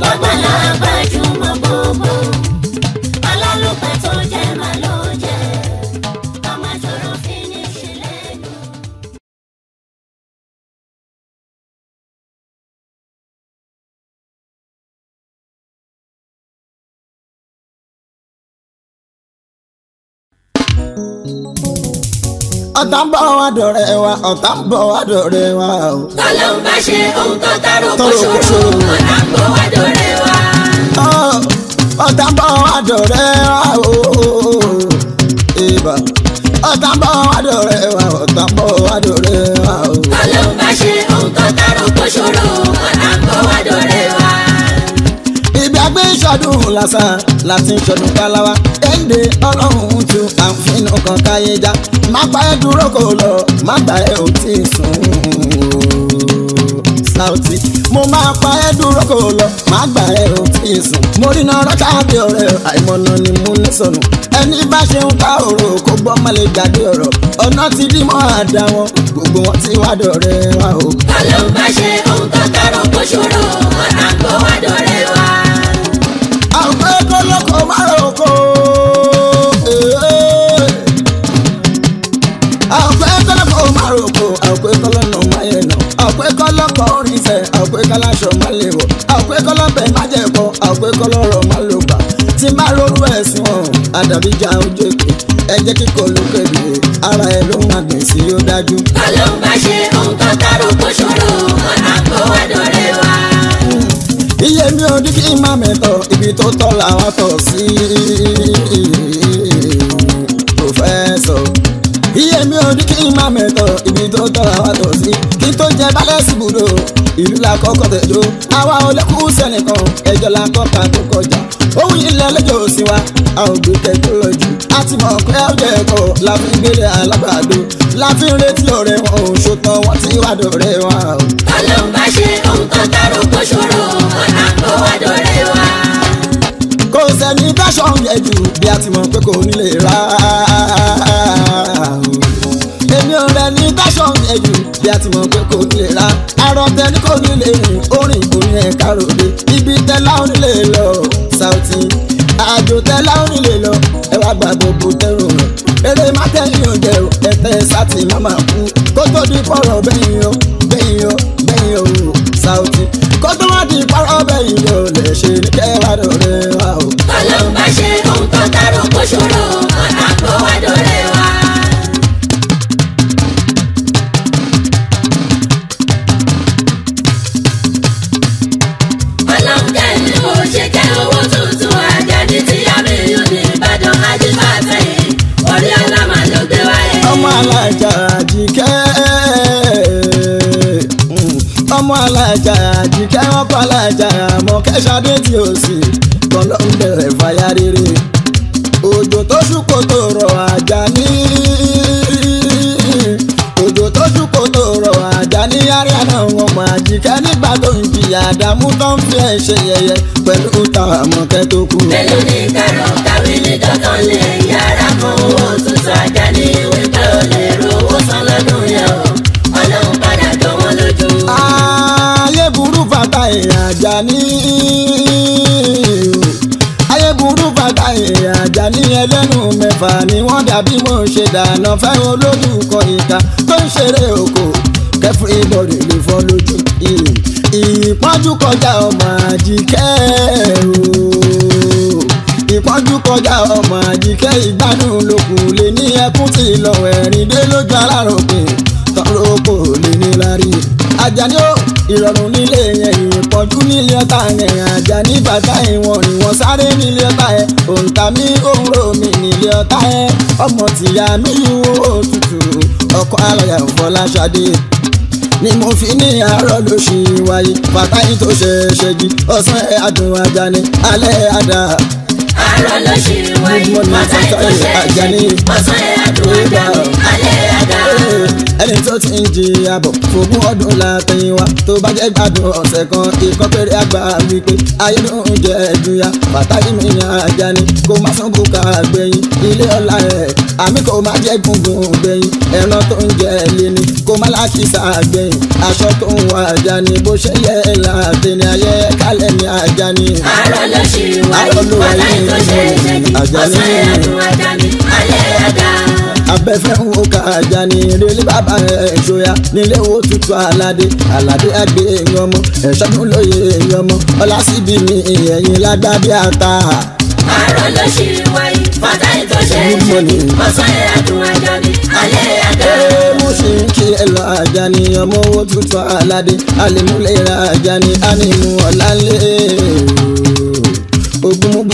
Speaker 2: lọ́gbàlá àbájú.
Speaker 1: ọ̀tá ń bọ̀ wá dọ̀rẹ́ wa ọ̀tá ń bọ̀ wá dọ̀rẹ́ wa o. tọ́lọ́ ń bá ṣe ohun tó tárò kó ṣòro ọ̀tá ń bọ̀ wá dọ̀rẹ́ wa. ọ̀tá ń bọ̀ wá dọ̀rẹ́ wa o. ìbà ọ̀tá ń bọ̀ wá dọ̀rẹ́ wa ọ̀tá ń bọ̀ wá dọ̀rẹ́ wa o. tọ́lọ́ bá ṣe ohun tó tárò kó ṣòro ọ̀tá ṣọdún lásán láti ṣọdún páláwa kéde ọlọ́run tu àfinú kan káyé já má gbà ẹ́ dúró kò lọ má gbà ẹ́ ò tí ì sùn Saoty mo máa pa ẹ́ dúró kò lọ má gbà ẹ́ ò tí ì sùn mo rí iná bí ọ̀rẹ́ àìmọ̀nà ni mo ní sọnù ẹni bá ṣe ń ta òrò kó gbọ́ má lè gbàgbé ọ̀rọ̀ ọ̀nà ti dí mọ́ àdá wọn gbogbo wọn ti wá dọ̀rẹ́ wa o. ta ṣe ohun tó tọrọ kó ṣòro ọ̀nà kó wá dọ̀rẹ́ wa lọ́kọ̀ má roko. àpẹ́ kọ́lọ́kọ̀ má roko àpẹ́ kọ́lọ́nà má yẹn nà àpẹ́ kọ́lọ́kọ̀ orin sẹ̀ àpẹ́ kọ́láṣọ má lè wọ̀ àpẹ́ kọ́lọ́bẹ̀ má jẹ̀ bọ̀ àpẹ́ kọ́lọ́rọ̀ má lò bà tí má rọrùn ẹ̀sìn ọ̀hún àdàbíjà ojú èkó ẹ jẹ́ ló kéde ara ẹ ló máa gbìn sí ó dájú. ọlọ́run ṣe ohun tá a rò kó ṣòro ọ̀nà àpò wá dọ̀rẹ́ wa iye mi ò ní kí n má mẹ́tọ̀ ibi tó tọ́ làwọn tọ̀ sí pòfẹ́sọ̀ iye mi ò ní kí n má mẹ́tọ̀ ibi tó tọ́ làwọn tọ̀ sí kí n tó jẹ balẹ̀ síbùdó ìlú la kọ́kọ́ tẹ̀dó àwa ò lè sẹ́nìkan ẹjọ́ la kọ́ ká tó kọjá ohun ilẹ̀ lẹ́jọ́ òsì wa a ò gbé tẹkinọ́lọ́jì a ti mọ̀ pé ọjọ́ ẹ̀kọ́ la fi ń gbélé alágbàdo la fi ń retí ọ̀rẹ́ wọn ò ṣòtàn wọn ti wá dọ̀rẹ́ wa. ọlọ́run bá ṣe ohun kan dárò kó ṣòro kó wá dọ̀rẹ́ wa. kò sẹ́ni dáṣọ yẹ jù bí a ti mọ̀ pé kò nílè rà èmi ò rẹ̀ ní dáṣọ yẹ jù bí a ti mọ̀ pé kò nílè rà àrò tẹni kò nílè rìn orin orin ẹ̀ka ròde ibi tẹ́lá ò nílè lọ Saoty àjò tẹ́lá ò nílè lọ ẹ wá gba tẹ́rù rẹ̀ eré mátẹ́yìn ọ̀jẹ̀ ẹ̀tẹ́ sátì má máa kú kó tó di fọ̀rọ̀ bẹ́yìn o bẹ́yìn o bẹ́yìn o Saoty di parọ́ bẹ́ ìlò lè ṣe ní kẹwàá lóore wa o. ọlọ́run bá ṣe ohun tó dárò kó ṣòro ọ̀nà kó wá lóore wa. ọlọ́run alájà àmọ̀kẹ́ ṣadé tí ó sì tọ́lọ́ ń bẹ̀rẹ̀ fàyà rere òjò tó ṣùkò tó rọ̀ àjà ní òjò tó ṣùkò tó rọ̀ àjà ní Àríàná wọn mọ̀ àjìkẹ́ nígbà tó ń fi àdàmú tó ń fi ẹ̀ ṣe pẹ̀lú ta àmọ̀kẹ́ tó kù. mélòó ni kẹrọ kàwé ní dọ́tọ̀ lè yára mọ owó tuntun àjà ní ìwé pé ó rówó san lọ́dún yẹn o. bàtà èèyàn àjà ní ayé burú bàtà èèyàn àjà ní ẹlẹ́nu mẹ́fà ni wọ́n dàbí mo ṣe dànù fẹ́ olójúkọ ìta tó ń ṣeré oko kẹfìrí bọ̀dù lè fọ́ lójú ìpọ́njú kọjá ọmọ àjíkẹ́ o ìpọ́njú kọjá ọmọ àjíkẹ́ ìgbádùn lòkùn lè ní ẹkún tí lọ ẹ̀rín dé lójú aláròkè dúró kò lè ní lárí. Àjàní ó ìrọ̀rùn nílé yẹn ìpọ́njú nílé ọ̀tá yẹn Àjàní bàtà ìwọ̀n ìwọ̀n sáré nílé ọ̀tá yẹn òǹtà mi òun rò mí nílé ọ̀tá yẹn ọmọ tìyá mi wo òtútù ọkọ aláya Fọláṣadé ni mo fi ní àárọ̀ lóṣù wáyé bàtà yìí tó ṣẹ̀ṣẹ̀ jí ọ̀sán ẹ̀ adùn Àjàní alẹ́ àdá àárọ̀ ló ṣì wáyé mọ́tà ẹ̀ tó ṣe ọ̀sán ẹ̀ àdúrà alẹ́ àdá. ẹni tó ti ń jìyà bọ̀ fògùn ọdún la tẹ̀yìn wa tó bá jẹ́ gbádùn ọ̀sẹ̀ kan ikọ́ péré àgbà wípé ayédùn jẹ́ ẹ̀dùnyà bàtà ìmì ní ajá ni kó má sún kúkà gbẹ̀yìn ilé ọ̀la ẹ̀ àmì kò má jẹ́ gungun gbẹ̀yìn ẹran tó ń jẹ lé ni kó má lákìsà gbẹ̀yìn aṣọ tó ń wọ ajá ni bó ṣe yẹ ẹ̀yà àtẹni ayẹ kálẹ̀ ní ajá ni. àárọ̀ ló ṣì wáyé ló ṣe é ṣe kí ọ̀sán ìyàtọ̀
Speaker 2: Àjàní alẹ́
Speaker 1: ẹ̀dá. abẹ́fẹ́ ń wo ká Àjàní relé bàbá rẹ̀ ṣoya nílé owó tuntun aládé aládé àgbẹ̀ èèyàn ọmọ ẹ̀ṣọ́nù lóye èèyàn ọmọ ọlásìbí mi ẹ̀yìn lágbàdí àtà.
Speaker 2: àárọ̀ ló ṣì wáyé fàtáì tó ṣe é ṣe ọ̀sán ìyàtọ̀ Àjàní alẹ́ ẹ̀dá
Speaker 1: sì ń kí ẹ lọ Àjàní ọmọ owó tuntun aládé alèmúlẹ̀ ra Àjàní ánìmú ọ̀làlẹ́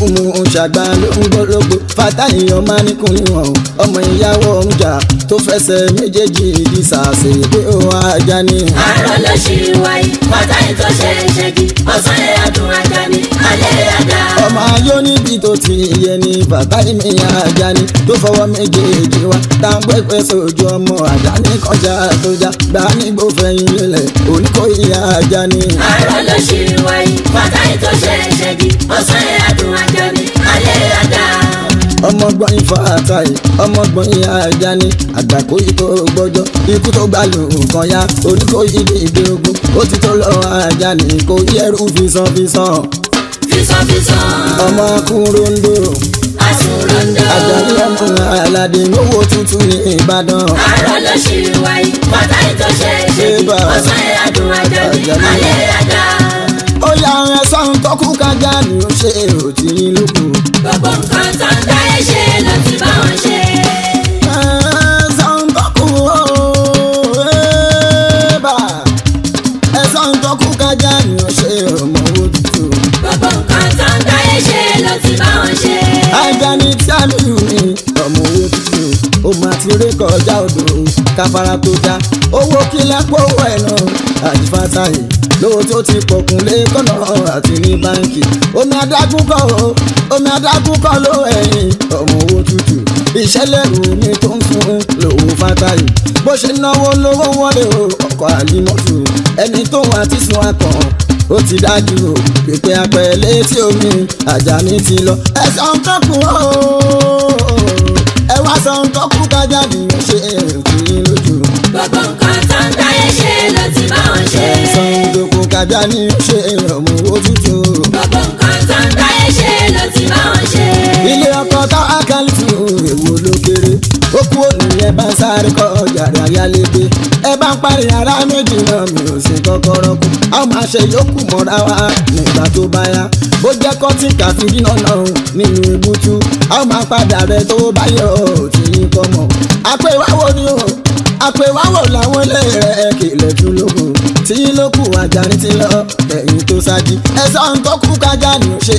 Speaker 1: gùn mu ṣàgbà lóńgbòlógbò fàtàlìyàn máa ní kùn níwọ̀n ọmọ ìyàwó ọ̀njà tó fẹsẹ̀ méjèèjì di sàṣẹ pé ó wá ajá ni. àárọ̀ ló
Speaker 2: ṣì wáyé pàtàkì tó ṣe é ṣẹ́gi ọ̀sán lè adùn ajá ni alẹ́ àdá. ọmọ
Speaker 1: ayé níbi tó ti yẹ ni bàbá mi ajá ni tó fọwọ́ méjèèjì wá tá a gbẹ́gbẹ́ sójú ọmọ ajá ní kọjá tó já gbà nígbò fẹ̀yìn lélẹ̀ oníkó ìyá ajá ni.
Speaker 2: àárọ̀ ló ṣì wáyé pàtàkì tó ṣe é ṣẹ́gi ọ̀sán lè adùn ajá Àjàní ayé ajá.
Speaker 1: ọmọgbọ́n ifọ̀ àtàyè ọmọgbọ́n ìyá Àjàní àgbà kò yí tó gbọ́jọ́ ikú tó gbà lù nǹkan yá oníkóyí ní ìdè ogun ó ti tó lọ́wọ́ Àjàní kò yí ẹrú fisanfisan. fisanfisan. ọmọ kúròǹdò. àsùnròǹdò. Àjàní ọmọ aládé owó tuntun ní Ìbàdàn. àárọ̀ ló ṣì wáyé bàtà ìtọ́ṣẹ́ ìṣèlú ọ̀sán ìyàdùn Àjàní ayé àjà lórí ààrẹ sọ́run tó kú kájà ni ó ṣe òtí yín lóko.
Speaker 2: gbogbo nǹkan tó ń táyé ṣe ló ti bá wọn ṣe.
Speaker 1: sọ́run tó kú ó bà ẹ sọ́run tó kú ṣe ló ti bá wọn ṣe. ajá ni ó mà ti ré kọjá odò káfárá tó já owó kí lápò ẹ̀nà àjífàtà yìí lówó tó ti pọ̀kùn lé kọ́nà àti ní báńkì omi adágún kọ́ o omi adágún kọ́ ló ẹ̀yìn ọmọ owó tútù iṣẹ́ lẹ́rù mi tó ń fún lówó fata bó ṣe náwó lówó wọlé o ọkọ̀ àlímọ́tò ẹni tó wà tí sun akàn ó ti dájú o pèpè àpẹẹlẹ tí omi àjà mi ti lọ ẹ̀sán kan kù ẹ wá sọ nǹkan kú kájáde ṣe òkè lójú. gbogbo nǹkan tó ń táyé ṣe ló ti bá wọn ṣe. sọ nǹkan kú kájáde ṣe ọmọ òtútù. gbogbo nǹkan tó ń táyé ṣe ló ti bá wọn ṣe. ilé ọkọ tá a kàn ló sáré kọ ọjàre ayálégbé ẹ bá ń parí ara méjì náà mi ò sí kọ́kọ́rọ́ kù a máa ṣe yòókù mọ́ra wa nígbà tó bá yá bó jẹ́ kọ́tì káfíńdì náà lọ́rùn nínú ibùtú a máa padà rẹ tó bá yọ ọ́ tí yín kọ́ mọ́ àpè wá wo ni o àpèwáwò làwọn ilé rẹ̀ kìlẹ̀ tún lókun tí ló kù Àjàní ti lọ ẹ̀yìn tó ṣáájú ẹ̀sọ́ nǹkan kú kájà ní ó ṣe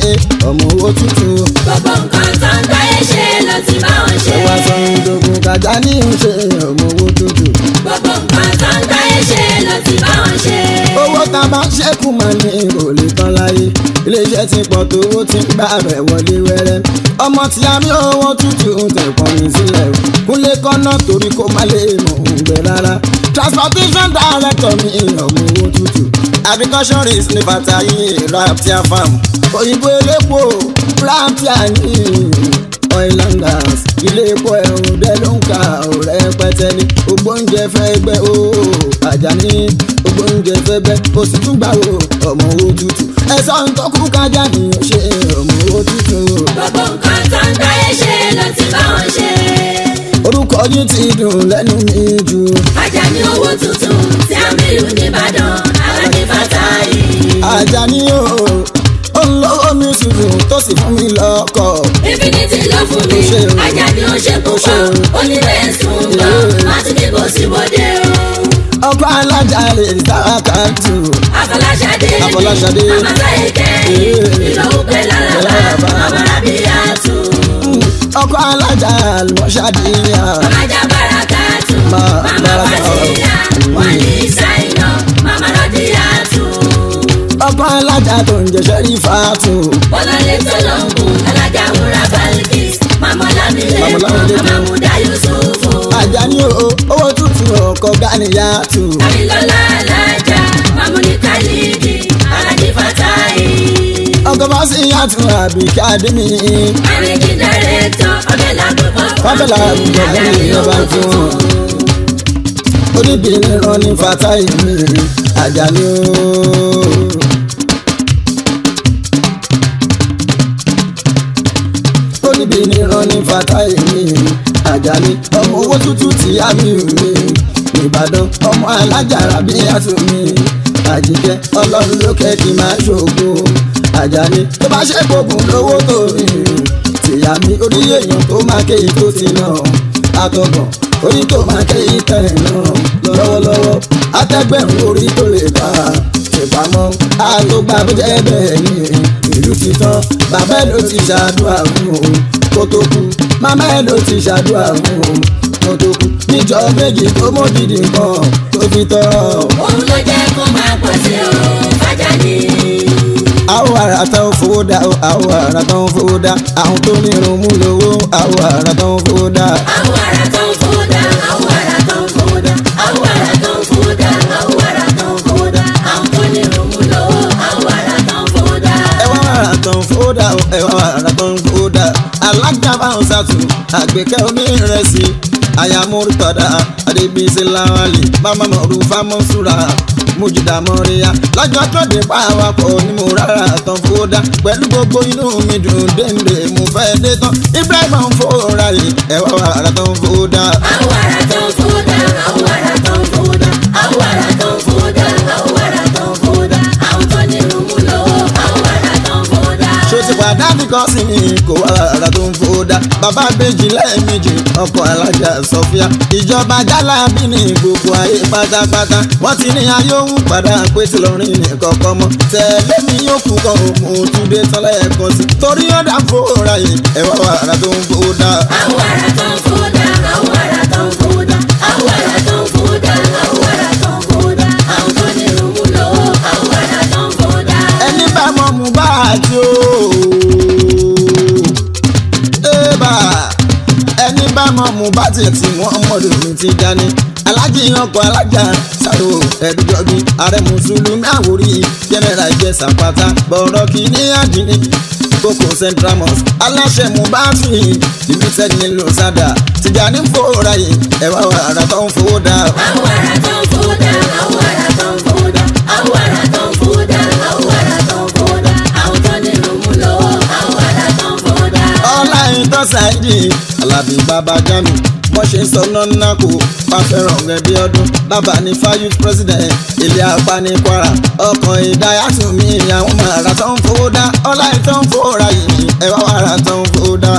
Speaker 1: ọmọ owó tútù. gbogbo nǹkan tó
Speaker 2: ń táyé ṣe ló ti bá wọn ṣe.
Speaker 1: ẹwà sọ ń dogun Àjàní ń ṣe ọmọ owó tútù.
Speaker 2: gbogbo nǹkan iléeṣẹ́ ló ti bá wọn ṣe.
Speaker 1: owó tá a bá ṣẹ́kù máa ní èrò lè tán láyé iléeṣẹ́ ti pọ̀ tó owó ti ń gbà rẹ̀ wọlé wẹ́rẹ́ ọmọ tí a rí owó tútù tẹ̀kọ́ mi sílẹ̀ kúnlé kọ́nà torí kó má lè mọ̀ òun rárá transportation director mi ìyọ̀mú owó tútù agriculturist ní bàtàyè raptia farm òyìnbó elépo raptia ní oilanders ilé epo ẹ̀rùn dẹ́ ọ̀rẹ́ pẹ́tẹ́ ni ògbóúnjẹ fẹ́ gbẹ́ o Àjàní ògbóúnjẹ fẹ́ bẹ́ o sì tún gbà wo ọmọ owó ẹ̀sọ́ ń kájà ní ṣe ọmọ owó gbogbo nǹkan tó ń táyé ṣe ló ti bá wọn ṣe. orúkọ yín ti dùn lẹ́nu mi jù.
Speaker 2: Àjàní owó tútù tí àmì ìlú nìbàdàn àwọn
Speaker 1: ní fàtàlì. Àjàní o ó ń lọ́wọ́ mi sùúrù tó sì fún mi lọ́kọ. infinity ló fún mi ajá ni ó ṣe pupa oníbẹ̀sùn lọ láti dìbò sí wọlé o. ọba alájà lè ta àkáǹtù. àfọláṣadé àfọláṣadé àmàlà èké ìlọ́wọ́ pẹ̀ lára bá àmàlà bí a tù. Mm. ọkọ alájà àlùmọ́ṣadìyà. ọmọjà
Speaker 2: bàrà káàtù
Speaker 1: màmá
Speaker 2: bàtìyà wọ́n ní sáyìn náà màmá lọ́dìyà
Speaker 1: ọgbọ́n alájà tó ń jẹ sẹ́rí fàtó.
Speaker 2: bọ́láńlé tó lọ ń kú
Speaker 1: alájà múra balkis mamalamile mamamuda yusuf. ajá ni o owó tuntun ọkọ̀ ganiya tù. àìlọ́lá alájà
Speaker 2: mamuni khalidi alájí fatai.
Speaker 1: ọkọ̀ bá sì yàtọ̀ àbíkí àdémi. àríkì dárẹ́tọ̀ ọ̀bẹ̀là gbogbo. ọ̀bẹ̀là gbogbo ọ̀bẹ̀là ìjọba tí wọ́n. oníbìrin rán ní fatai mi àjálù. níbi ni rọ́ní fatai mi àjàlè ọmọ owó tútù tí a mi mi ìbàdàn ọmọ alájàrà bí àtò mi àjíkẹ́ ọlọ́run ló kẹ́kì máa ṣògo àjàlè tó bá ṣe gbógun lówó tó rìn tìyà mi orí èèyàn tó máa kéyìí tó ti nà àtọ̀gàn orí tó máa kéyìí tẹ̀ náà lọ́wọ́lọ́wọ́ atẹ́gbẹ̀rún orí tó lè bá a ṣèpamọ́ àtògbà bó jẹ́ bẹ́ẹ̀ ni ìlú ti tán bàbá ẹ̀ ló ti ṣàdúrà fún òun kó tó kú màmá ẹ̀ ló ti ṣàdúrà fún òun kó tó kú níjọ méjì tó mọ́ dídì nǹkan tó fi tán. òun ló jẹ́ kó máa pọ̀
Speaker 2: sí òun fájà ni
Speaker 1: àwọn ará tán fowó dá àwọn ará tán fowó dá àwọn tó ní irun mú lówó àwọn ará tán fowó dá. àwọn ará tán fowó dá àwọn ará tán fowó dá àwọn ará tán fowó dá àwọn. ẹ̀wọ̀n ara tó ń gbódà alágbàbà ọ̀sàtù àgbẹ̀kẹ́ omi rẹ̀ sí ayamuru tọ́da adébísí láwálì mama mọ̀rú fámọ́sùrà mújìdá mọ́ríyá lọ́jọ́ tó dé bá wa kọ́ ni mo rárá tán fódà pẹ̀lú gbogbo inú mi dùn dénde mo fẹ́ dé tán Ibrahim ń fòrà lè ẹ̀wọ̀n ara tó ń fódà. àwọn ara tó ń fódà àwọn ara tó ń fódà àwọn ara. Bíkọ́sì kò wá rárá tó ń fòdà bàbá bèjì lẹ́ẹ̀mejì ọkọ̀ alájà sọfíà ìjọba jálàbí ní gbogbo ayé pátápátá wọ́n ti ní ayé òun padà pé tí lọ́rin ní kọ̀ọ̀kan mọ́ tẹ̀lé mi yóò kú kan òun túnde tọ́lá ẹ̀kan sí torí ọ̀dà fòrà yìí ẹ̀wà wàrà tó ń fòdà. àwọn ará tó ń fòdà àwọn ará tó ń fòdà àwọn ará tó ń fòdà àwọn ará tó àwọn tó ní òun lọ́wọ́ àwọn tó ń fòdà. ẹni bá mọ̀ mú bá àti o. mọ̀ mú bá tiẹ̀ tí wọ́n mọ̀dọ̀ mi ti dání. alájí ọkọ̀ alága sáró ẹ̀dújọ́bí ààrẹ mùsùlùmí àwòrí jẹ́nẹ́rà ìjẹsà pátá bọ̀rọ̀ kìíní àdínní kókó central mosque aláṣẹ mubasi limited nílùú sádà tìjà ní fòrà yìí ẹ̀wà wàrà tó ń fowó dà. àwọn wàrà tó ń fowó dà àwọn wàrà tó ń fowó dà àwọn wàrà tó ń fowó dà àwọn wàrà tó ń fowó dà àwọn tó ní ìrònú àwọn wàrà tó ń fowó dà. ọlá ìtọ́sà yìí alábí bàbá jami wọ́n ṣe ń sọ nọ́nà kó pàfẹ́ràn rẹ̀ bí ọdún bàbá ní fayus president ilé apani kwara ọkàn ìdáyà tún mí àwọn ọmọ ara tó ń fowó dá ọlá ìtọ́ ń fowó ra yìí ẹ wá wàrà tó ń fowó dá.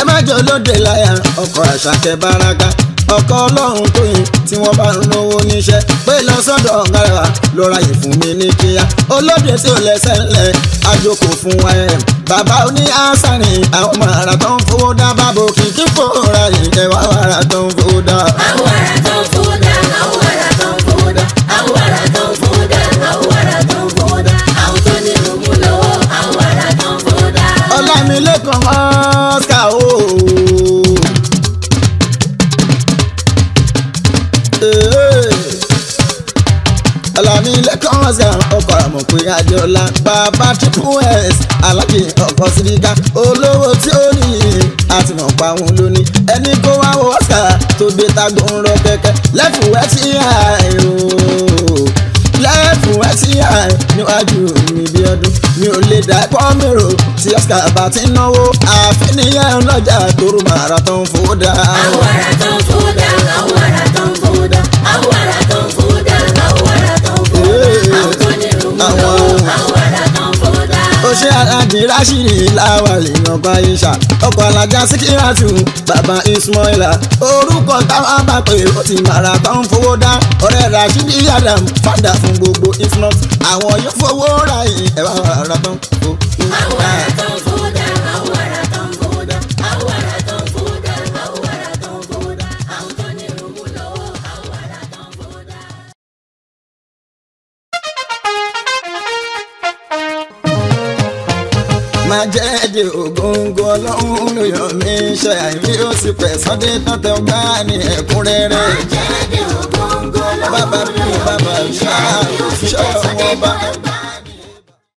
Speaker 1: ẹ má jọ lóde láyà ọkọ̀ àṣàkẹ́ báraga ọkọ ọlọ́run tó yin tí wọ́n bá ń lówó níṣẹ́ pé lọ sọ́dọ̀ ọ̀gára lọ́ra yìí fún mi ní kíá olóde tí ò lẹ́sẹ̀ ńlẹ̀ àjòkò fún wa ẹ̀ bàbá oní àṣàrì àwọn ọmọ tó ń fowó dá bàbá òkìkí fòrà yìí ẹ̀wà àrà tó ń fowó dá. àwọn àrà tó ń fowó dá. queen adiola bàbá triple s alákì ọkọ síríkà olówó tí ó nìyí àtìmọ̀ pa òun lónìí ẹni kó wá wọ oscar tó gbé tagbó ń rọ kẹ̀kẹ́ lẹ́fùwẹ́ tí a èrò lẹ́fùwẹ́ tí a níwájú mi bí ọdún mi ò lè dá ẹ̀kọ́ mèrò tí oscar bá ti náwó àfiniyàn lọ́jà tóró màrà tó ń fò dá. àwọn ará tó ń fò dá àwọn ará tó ń fò dá àwọn ará. wọn. ó ṣe aláàjì rashidi láwàlì ọkọ aisha ọkọ alájà síkíràtù bàbá ismaila orúkọ táwọn bá pè ó ti mara tó ń fowó dá ọ̀rẹ́ rashidi adam fada fún gbogbo if not àwọn yóò fowó ra ẹ̀wà ọ̀rọ̀ tó ń fowó dá. àwọn ọ̀rọ̀ tó ń fowó dá. máa jẹ́ di ògóńgó ọlọ́run ló yọ mí ṣe àìrí ó sì pẹ̀sán dé tọ́tẹ̀ ọgbà ní ẹ̀kúnrẹ́rẹ́. máa jẹ́ di ògóńgó ọlọ́run ló ṣe àìrí ó sì pẹ̀sán dé tọ́tẹ̀ ọgbà ní ẹ̀kúnrẹ́rẹ́.